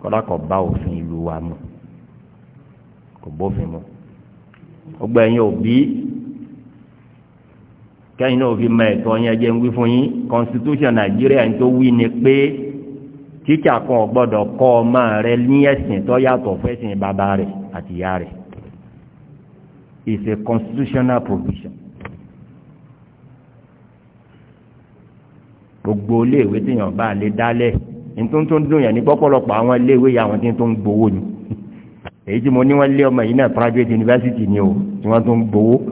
kọ́lá kò bá òfin ìlú wa mu kò bófin mu ọgbà ẹ̀yin òbí kẹ́yìn náà òfin mọ ẹ̀tọ́ yẹn jẹ́ ń wí fún yín constitution nàìjíríà ń tó wí ni pé títsà kan gbọ́dọ̀ kọ́ ọmọ rẹ ní ẹ̀sìn tó yàtọ̀ fẹ́sìn bàbá rẹ̀ àti ìyá rẹ̀ is a constitutional provision. gbogbo iléèwé téèyàn bá lè dálẹ̀ ntuntun dùn yẹn ní pọ́pọ́lọpọ̀ àwọn iléèwé yà wọ́n ti tó ń gbowó ni èyí tí mo ní wọ́n lé ọmọ yìí náà private university ni o tí wọ́n tó ń gbowó. <laughs>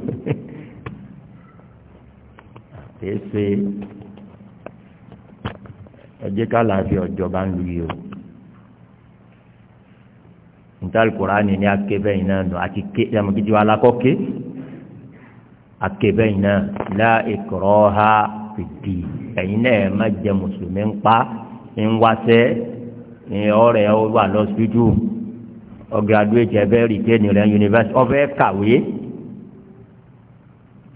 ẹ jẹ́ ká láàfin ọ̀jọba ń lu yìí o nítorí kùránì ni ake bẹ́yìn náà nù àti ké ẹ̀mọ́gídìí wa lakọ́ ké bẹ́yìn náà la ikraha fìdí ẹ̀yin náà ẹ̀ má jẹ mùsùlùmí ń pa ń wáṣẹ́ ọ̀rẹ́ ọ wà lọ́sídùú ọ̀gàdúrẹ́tì ẹ fẹ́ rìtẹ́nì rẹ̀ yunifásitì ọ fẹ́ kàwé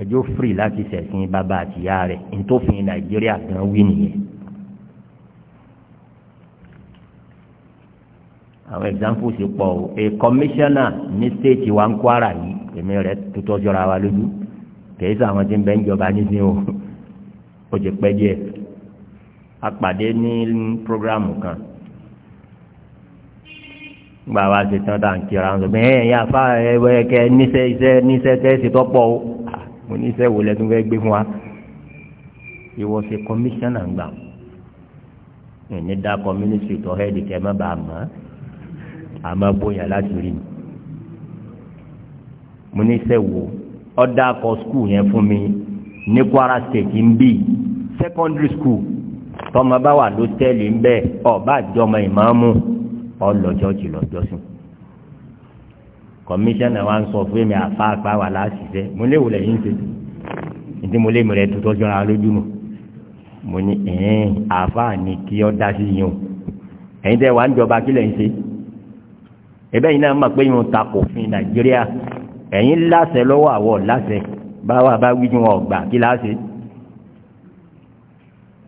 ẹjọ́ firi láti ṣẹ̀sìn bàbá àtìyá rẹ̀ nítòfin nàìjíríà gan wí nìyẹn. àwọn examples pọ̀ o a commissioner ní state wa ń Kwara yìí èmi rẹ̀ tuntun jọra wa lójú kèésì àwọn tí ń bẹ ń jọba nísìnyí o ó ti pẹ́ díẹ̀ apàdé ní program kan gba wa ṣe tán tá à ń kíra ń sọ bẹ́ẹ̀ ẹ̀yà afá ẹ̀wẹ̀ kẹ́ níṣẹ́ iṣẹ́ níṣẹ́ tẹ́sí tọ́pọ̀ o ah, mo níṣẹ́ wo lẹ́tún fẹ́ gbé fún wa ìwọ ṣe commissioner ń gbà ní dá community tó hẹ́ẹ̀dì kẹ́ mọ́ mọ́ àmọ́ bóyá láti rí mi mo ní sẹ́ wo ọ̀dà akọ skul yẹn fún mi ní Kwara State ń bì secondary school tọmọ bá wà lọ́tẹ́ẹ̀lì ń bẹ́ ọba àjọmọ ìmáàmù ọlọ́jọ́ jì lọ́jọ́ sùn kọmíṣánná wa ń sọ fún mi àfa apá wà láṣìṣẹ́ mo léwu lẹ́yìn ṣe ìdí mo lé mi rẹ̀ tuntun jọra lójú mo ní ẹ̀ẹ́n àfa ni kí ọ dá sí yín o ẹ̀yin tẹ́ wà ń jọba kí lẹ́yìn ṣe ebe yìí náà mọ̀ pé yìí ń ta kò fin nàìjíríà ẹ̀yin láṣẹ lọ́wọ́ àwọ̀ láṣẹ báwa bá wí ni wọn gbà kí láṣẹ.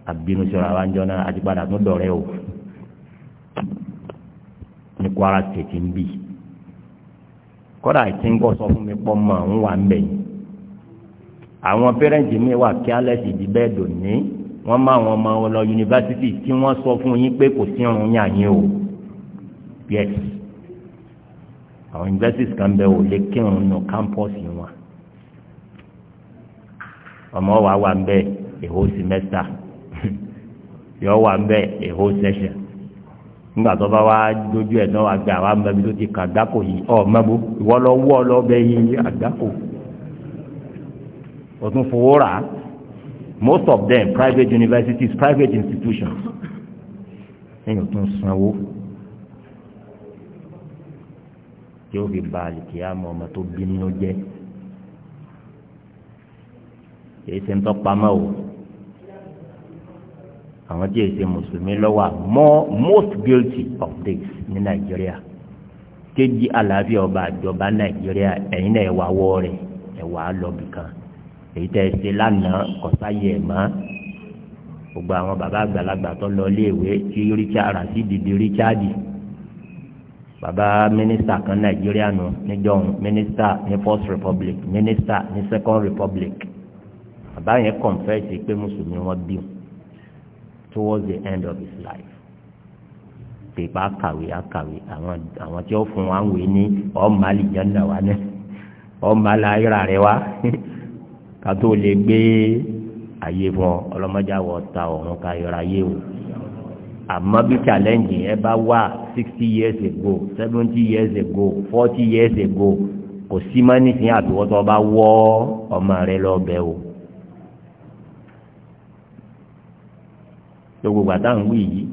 àbínú sọ̀rọ̀ àwọn àjọ náà àti padà tó dọ̀rẹ́ o ní kwara tètè ń bì kọ́dà ìtí ń kọ́ sọ fún mi pọ́ mọ̀ ń wà ń bẹ̀ yìí àwọn pẹ́rẹ́ǹtì mi wà kí alẹ́sì di bẹ́ẹ̀ dò ní wọ́n máa wọn ọmọ wọn lọ yunifásitì tí wọ́n sọ fún yín pé kò sí ọ̀run yàn yín o yes àwọn universities kan bẹ wò lè kírun nù kámpọ́ọ̀sì wọn ọmọ wa wà ń bẹ èho semester <laughs> yọ wà ń bẹ èho session nígbà tó bá wá dojú ẹ̀ náà àgbà wa mẹ́bi tó ti kà àgbákò yìí ọ̀ mẹ́bo ìwọ lọ wọ́ ọ lọ bẹ yí àgbákò o tún fowó rà most of them private universities private institutions ẹ̀yìn o tún sanwó. tí ó fi ba àlìkìyàmọ̀ ọmọ tó bí nínú jẹ́ èyí ṣe ń tọ́pamọ́ o àwọn tí èsì mùsùlùmí lọ́wọ́ more most guilty of this ní nàìjíríà kéjì àlàáfíà ọba àjọba nàìjíríà ẹ̀yin náà ẹ̀wà wọ́ rẹ̀ ẹ̀wà lọ́bì kan èyí tẹ́ ẹ ṣe lánàá kọ̀sáyé ẹ̀ mọ́ gbogbo àwọn bàbá àgbàlagbà tó lọ iléèwé tí richard rasidi di richard. Richard baba mínísítà kan nàìjíríà nù níjọhún mínísítà ní first republic mínísítà ní second republic baba yẹn confess pé mùsùlùmí wọn bí towards the end of his life pèpà akàwé akàwé àwọn àwọn tí ó fún wa ń wé ní ọmọ àlìjáná wa ní ọmọ aláìra rẹ wa kátó lè gbé ayé fún ọ ọlọmọdé àwọ ta ọ̀run ká yọra yé o àmọ́ bí challenge yẹn bá wà sixty years ago seventy years ago forty years ago kò sí mọ́ nísìnyí àbíwọ́tọ́ bá wọ́ ọmọ rẹ lọ́bẹ̀ o. gbogbo àtà ń wí yìí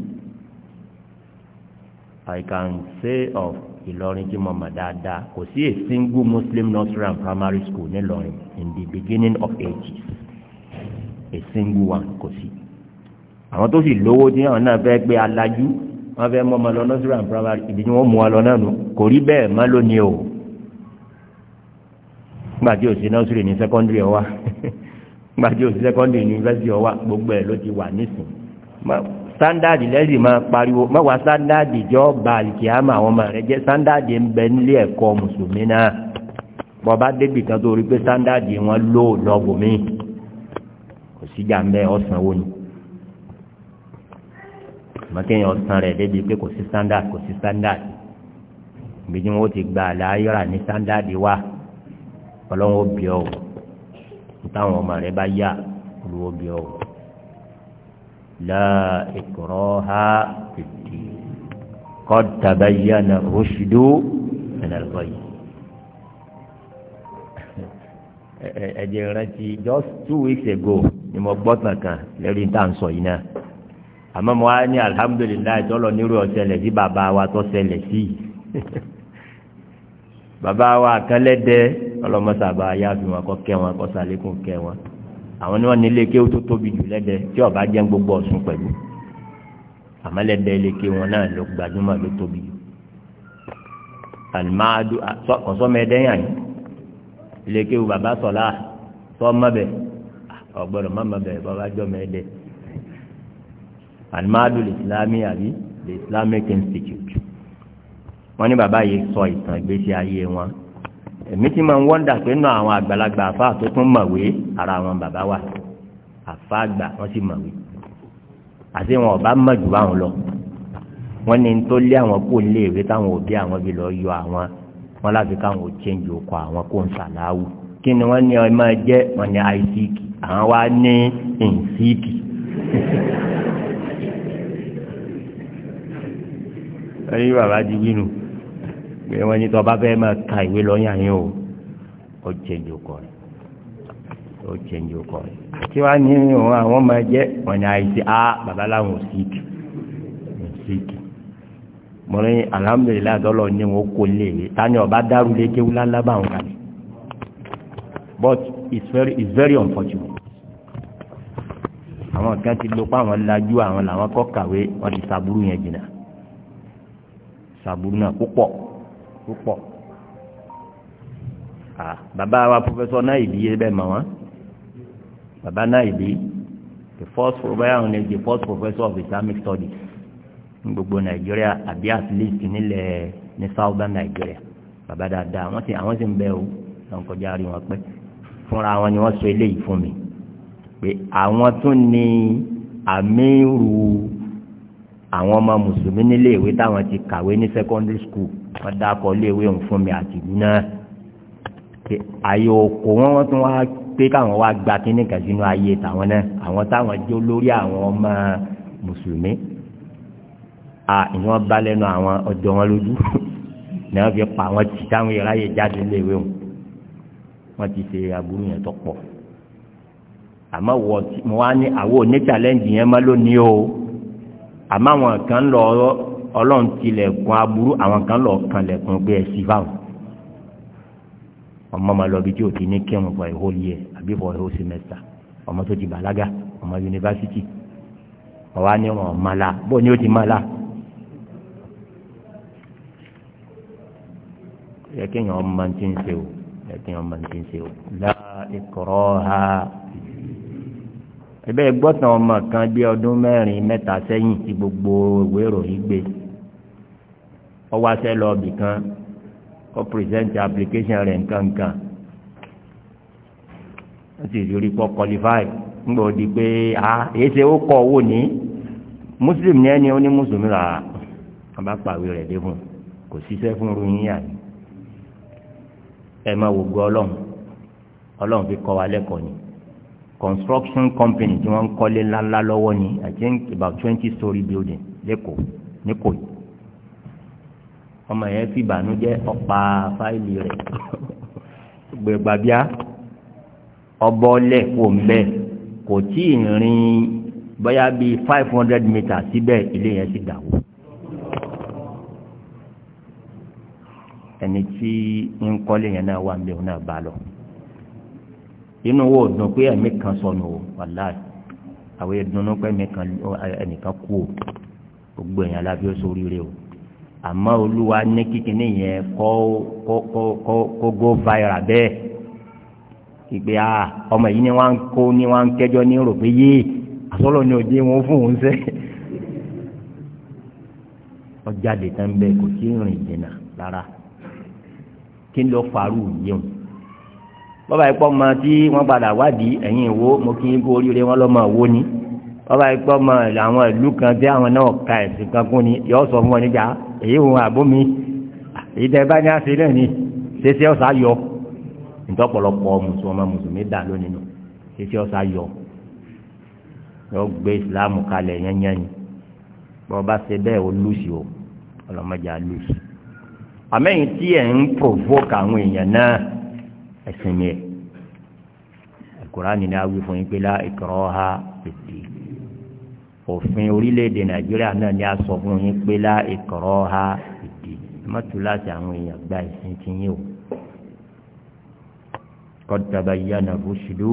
I can say of Ìlọrin tí mo mọ̀ dáadáa kò sí a single Muslim nursery and primary school nílọrin in the beginning of eighties a single one kò sí àwọn tó sì lówó tí wọn náà fẹ́ gbé alájú wọn fẹ́ mọ́ ọmọ lọ nọ́sírà primary ibi tí wọ́n mú wa lọ náà nù kò rí bẹ́ẹ̀ má lónìí o gbàdí òsì nọ́sírì ní sẹ́kọ́ndìrì ọ̀wá <laughs> gbàdí òsì sẹ́kọ́ndìrì ní yunifásitì ọ̀wá gbogbo ẹ̀ ló ti wà nísìn sándàdì lẹ́sìn máa pariwo mọ́wàá sándàdì jọ bàlìkìámà àwọn ọmọ rẹ jẹ́ sándàdì ń bẹ nílé ẹ̀kọ́ mùsùlùmí náà bọba débì kan tó rí pé sándàdì wọn lò lọ́gùnmí kò síjà ń bẹ ọ̀sán mọ̀kéyàn ọ̀sán rẹ̀ débi pé kò sí standard kò sí standard ibi tí wọ́n ti gba àlàyéra ní standard wa ọlọ́run ó bí ọ o táwọn ọmọ rẹ bá yá olúwo bí ọ o la ikraha fìdí qad tabayyana rushdu minal ghayy ẹ̀jẹ̀ rántí just two weeks ago ni mo gbọ́ tàn kan lẹ́rìí tá à ń sọ yìí náà àmọ́ mo wá ní alihamudulilayi tọ́lọ̀ nírú ọ̀sẹ̀lẹ̀ sí bàbá wa tó ṣẹlẹ̀ sí i bàbá wa kẹlẹ́dẹ́ ọlọ́mọsàbà yáàfin wọn kọ́ kẹ́ wọn kọ́ sàlékún kẹ́ wọn àwọn ni wọn nílé kéwù tó tóbi jù lẹ́dẹ́ tí ọba jẹ́ gbogbo ọ̀sùn pẹ̀lú àmọ́ lẹ́dẹ́ ilé ké wọn náà ló gbajúmọ̀ ló tóbi jù alimadu kọ̀sọ́mẹ́dẹ́yàn ilé kéwù bàbá sọ̀lá sọ́mọ́bẹ̀ ọ̀gbọ́dọ̀ mọ́mọ́bẹ̀ bàbá jọ́mẹ́dẹ́ alimadu islami àbí the islamic institute wọ́n ní bàbá yìí sọ ìtàn ìgbésí ayé wọn èmi ti máa ń wọ́ndà pé nù àwọn àgbàlagbà àfa tó tún mọ̀wé ara àwọn bàbá wa àfa àgbà wọ́n sì mọ̀wé àti wọn ọba mọ̀jù báwọn lọ wọ́n ní tó lé àwọn kó lé ìwé táwọn òbí àwọn bí lọ yọ àwọn wọn láti káwọn ò change okọ àwọn kó ń sàláwù kí ni wọ́n ní ọmọ jẹ́ wọ́n ní àìsíkì àwọn wa ní ìǹsíkì. <laughs> nǹkan bàbá di wínu pé wọ́n ní tọ́ba fẹ́ máa ka ìwé lọ́yàn yín o ó change okọ̀ rẹ̀ ó change okọ̀ rẹ̀ àti wá ní òun àwọn máa jẹ́ wọ́n ní àìsí á bàbá làwọn ò síkì ò síkì mo ní alhamdulilayi dọ́lọ̀ ní wọn kò lè tani ọba dárú lé kéwú lálábà wọn kàní but it's very it's very unfortunate àwọn kan ti lo pa àwọn lajú àwọn làwọn kọ́ kàwé wọ́n ti sàbúrú yẹn jìnnà sàbùrù náà púpọ̀ púpọ̀ à bàbá wa pọfẹsọ náà ìdí yé bẹ́ẹ̀ mọ̀ wọ́n bàbá náà ìdí the first báyà wọn ni the first professor of Islamic studies ní gbogbo Nàìjíríà àbí at least nílẹ̀ ní southern Nàìjíríà bàbá dáadáa wọ́n ti àwọn sì ń bẹ́ o àwọn kọjá rí wọn pẹ́ fúnra wọn ni wọ́n sọ eléyìí fún mi pé àwọn tún ní àmì rú àwọn ọmọ mùsùlùmí nílé ìwé táwọn ti kàwé ní secondary school wọ́n dákọ̀ ilé ìwé òun fún mi àti ìlú náà àyè òkò wọn wọ́n tún wá pé káwọn wá gba kínní kan sínú ayé tàwọn náà àwọn táwọn jó lórí àwọn ọmọ mùsùlùmí à ìwọ́n bá lẹ́nu àwọn ọjọ́ wọn lójú <laughs> ni wọ́n fi pa àwọn tí táwọn ìráyè jáde nílé ìwé òun wọ́n ti ṣe aburú yẹn tó pọ̀ àmọ́ wọ́n mo wá ní àwọn oní yẹn má lónìí o àmọ́ àwọn kan lọ ọlọ́run tilẹ̀kùn aburú àwọn kan lọ kanlẹ̀kùn gbé ẹ̀sì fáwọn ọmọ máa lọ bí tí o ti ní kírun for a whole year àbí for a whole semester ọmọ tó ti bàlágà ọmọ yunifásitì ọwọ́ á ní wọn ọmọ la bó ni ó ti máa la. yẹ kéèyàn ọmọ ti ń ṣe o yẹ kéèyàn ọmọ ti ń ṣe o ẹ̀bẹ̀ gbọ́tàn ọmọ kan bí ọdún mẹ́rin mẹ́ta sẹ́yìn tí gbogbo ìwé ìròyìn gbé ọwọ́ aṣẹ́ lọ ibì kan kọ́ pírẹsẹ́ǹtì application rẹ̀ nkankan wọ́n sì rí pọ́ qualify ńgbọ́ di pé a èyí ṣe ó kọ́ owó ní muslim ní ẹni ó ní mùsùlùmí rà á wọ́n bá pàwé rẹ̀ dé fún kò síṣẹ́ fún ruyin yà ẹ máa wò gbọ́ ọlọ́run ọlọ́run fi kọ́ wa lẹ́kọ̀ọ́ ni construction company tí wọ́n ń kọ́lé ńláńlá lọ́wọ́ ni i think about twenty story building lẹ́kọ̀ọ́ lẹ́kọ̀ọ́ ọmọ yẹn fi ìbànújẹ́ ọ̀pá fáìlì rẹ̀ gbẹ̀gbàbíà ọbọ̀ọ́lẹ̀ kò ń bẹ́ẹ̀ kò tí ì rìn bóyá bíi five hundred meters síbẹ̀ ilé yẹn ti dà wó. ẹni tí ń kọ́lé yẹn náà wà ń bẹ̀ òun náà bá lọ inú wo dùn pé ẹ̀mí kan sọnù o wàláì àwọn ìdùnnú pé ẹnìkan kú o gbogbo èèyàn alábí ó sórí rẹ o àmọ́ olúwa ní kíkiní yẹn kó kó kó kó go viral bẹ́ẹ̀ ìgbé a ah, ọmọ yìí ni wọ́n ń kó ni wọ́n ń kẹjọ ní rò pé yé àsọlọ ni òde wọn fún òun sẹ ọjà dètàn bẹ́ẹ̀ kò sí rìn jìnnà rárá kí ló farú yẹun bọ́bá ikpọ́ ma tí wọ́n padà wádìí ẹ̀yìn ìwó mo kí n kó oríire wọn lọ́mọ ìwó ni bọ́bá ikpọ́ ma àwọn ìlú kan tí àwọn náà ka ẹ̀sìn kan kún ni yọ sọ fún wọn níjà èyí wọn àbómi èyí tẹ bá ní àṣẹ náà ni ṣẹṣẹ ọ̀sà yọ ntọ́pọ̀lọpọ̀ mùsùlùmí mùsùlùmí dà lónìí nù ṣẹṣẹ ọ̀sà yọ yọ gbé ìsìlámù kalẹ̀ yányányì bọ́bá ṣe bẹ́ẹ̀ o lùsì o ọlọ́mọdé a lùsì àmẹ́yìn tí ẹ̀ ń provoke àwọn èèyàn náà ẹ̀sìn yẹn alukurani ni awi fún yín pé la ikraha fìdí òfin orílẹ̀-èdè nàìjíríà náà ni a sọ fún yín pé la ikraha fìdí ẹ má tu láti àwọn èèyàn gba ẹ̀sìn tí yín o qad tabayyana rushdu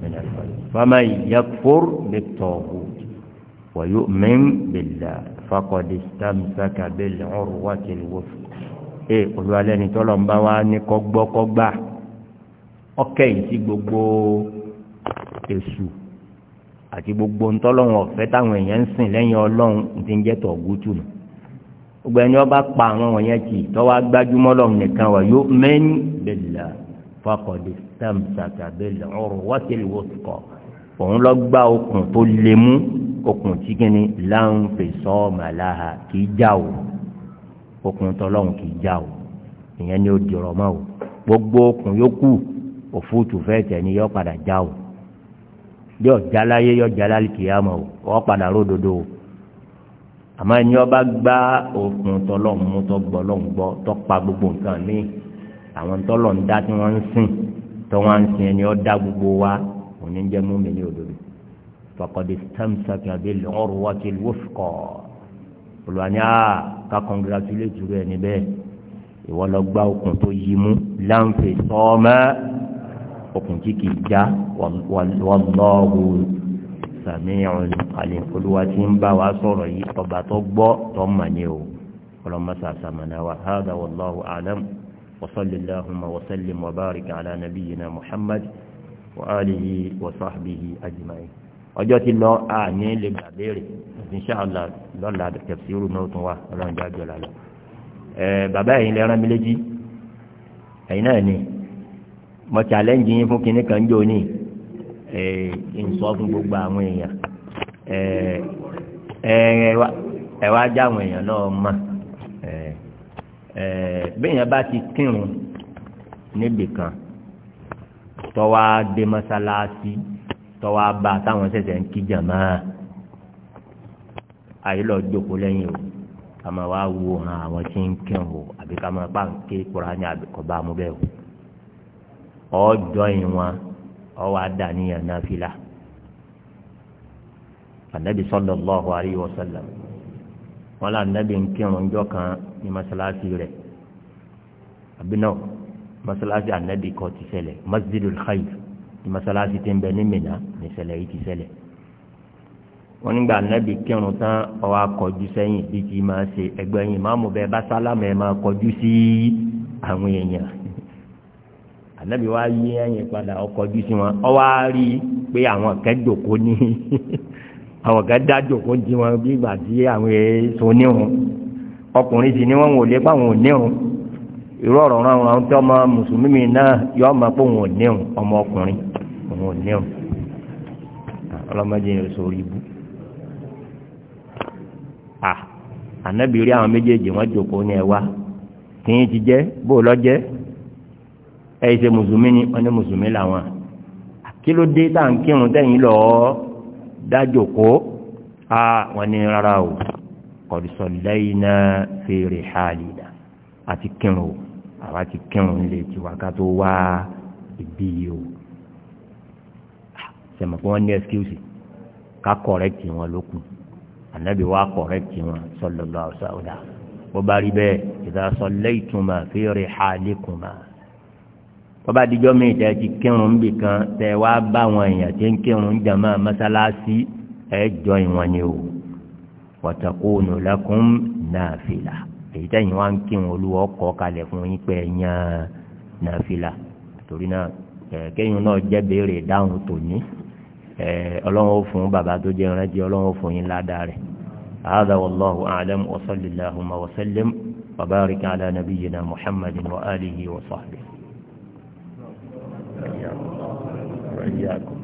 min al-ghayy faman yakfur bit-taghut wa yu'min billah faqad istamsaka bil-'urwati al-wuthqa ẹ olùwalẹ́ni tọ́lọ́mbá wa ní kọ́gbọ́kọ́gbà ọkẹ́ yìí ti gbogbo èṣù àti gbogbo ntọ́lọ́run ọ̀fẹ́ táwọn èèyàn ń sìn lẹ́yìn ọlọ́run ti ń jẹ́ tọ̀gútù nù gbogbo ẹni ọba pa àwọn wọ̀nyẹn tì tọ́wọ́ agbájúmọ́ lọ́run nìkan wà yóò mẹ́ni bẹ̀là fakọ̀dé sàmsàkà bẹ̀là ọ̀rọ̀ wákìlì wọ́sùkọ̀ òun lọ gbá okùn tó lè mú okùn tí kìíní láwọn fèsọ́ màláha kì já o okùn tọ́lọ́run kì já o ìyẹn ni ó dìrọ̀ mọ́ o gbogbo okùn yókù òfúùtù fẹ́ẹ́ tẹ̀ ní yọ padà já o yọ jalaye yọ jalali kìyàmọ o ọ padà ródodo o àmọ́ ẹni ọba gbá òkun tọlọ́hún mú tọ́ gbọ́ lọ́hún gbọ́ tọ́ pa gbogbo nǹkan mi àwọn tọ́lọ̀ ń dá tí wọ́n ń sìn tọ́ wọ́n ń sìn ẹni ọ̀dá gbogbo wa òní jẹ́ mú mi ní òdodo faqad istamsaka bil urwatil wusqa olùwàní a ká congratulate rẹ̀ níbẹ̀ ìwọ lọ gbá òkun tó yí mú láǹfẹ̀ẹ́ sọ́ọ́mẹ́ okùn tí kì í já wallahu sami'un alim olúwa tí ń bá wa sọ̀rọ̀ yìí ọba tó gbọ́ tó mà ní o ọlọ́mọṣà sàmànà wa hada wallahu alam wa sallallahu wa sallim wa barika ala muhammad wa alihi wa sahbihi ajma'in ọjọ́ ti lọ àní lè gbà béèrè inṣàlá lọ́la tafsiru náà tún wà ọlọ́run jáde lọ. bàbá mo challenge yín fún kinní kan jò ní nsọ fún gbogbo àwọn èèyàn ẹ wá já àwọn èèyàn náà mọ béèyàn bá ti kírun níbì kan tọ́wá dé mọ́sálásí tọ́wá bá táwọn ṣẹ̀ṣẹ̀ ń kí jàmá àyè lọ jókòó lẹ́yìn o àmọ́ wá wo àwọn tí ń kírun o àbí ká máa bá ń ké kúránì àbíkọ́ bá mú bẹ́ẹ̀ o ọjọ́ ìwọ̀n ọwọ́ àdàníyàn nàfílà anabi sallallahu alayhi wa sallam wọn là anabi ń kírun jọ kan ní masalasi rẹ̀ àbínà masalasi anabi kọ́ ti ṣẹlẹ̀ masjidul khayr ní masalasi ti ń bẹ ní Mina ní ṣẹlẹ̀ yìí ti ṣẹlẹ̀ wọn nígbà anabi kírun tán ọwọ́ akọjú sẹ́yìn bí kì í máa ṣe ẹgbẹ́ yìí máa bẹ́ẹ̀ bá sálámù ẹ̀ máa kọjú sí àwọn èèyàn ànábì wa yí ẹ̀yìn padà ọkọ ojú sí wọn ọwọ àárí pé àwọn kan jòkó ní <laughs> àwọn kan dá jòkó ní wọn bí ìgbà tí àwọn èso níhun ọkùnrin sì ni wọn ò lé pa àwọn ò níhun irú ọ̀rọ̀ ràn wọn tí ọmọ mùsùlùmí náà yọ ọmọ pé òun ò níhun ọmọ ọkùnrin òun ò níhun ọlọmọdé yẹn sórí ibú à rí àwọn méjèèjì wọn jòkó ní ẹ wá kí n ti jẹ bó lọ jẹ ẹ̀ ṣe mùsùlùmí ni wọ́n ní mùsùlùmí làwọn kí ló dé tá à ń kírun tẹ̀yìn lọ dájòkó a wọ́n ní rárá o kọ̀dùsọ̀ lẹ́yìn náà fèrè hàlìdà àti kírun o àwa ti kírun nílé tiwa ká tó wá ibi yìí o sẹ̀mọ̀ pé wọ́n ní ẹ́skíwùsì ká kọ̀rẹ́kì wọn lókun ànábì wa kọ̀rẹ́kì wọn sallallahu alaihi bó bá rí bẹ́ẹ̀ idha sallaytuma fi rihalikuma bọ́bá dijọ́ mi tẹ́ ti kírun bì kan tẹ́ wá bá àwọn èèyàn tí ń kírun jàmá mọ́sálásí ẹ̀ jọ ìwọ̀n ni o wọ́tàkùnù lakum nàfìlà èyí tẹ́yìn wá ń kírun olúwọ́ kọ́ kalẹ̀ fún yín pé ẹ̀yàn nàfìlà torí náà kẹ́yìn náà jẹ́ béèrè dáhùn tòní ọlọ́run fún bàbá tó jẹ́ ìrántí ọlọ́run fún yín ládàá rẹ̀ هذا والله أعلم وصل اللهم وسلم وبارك على نبينا محمد وآله وصحبه وإياكم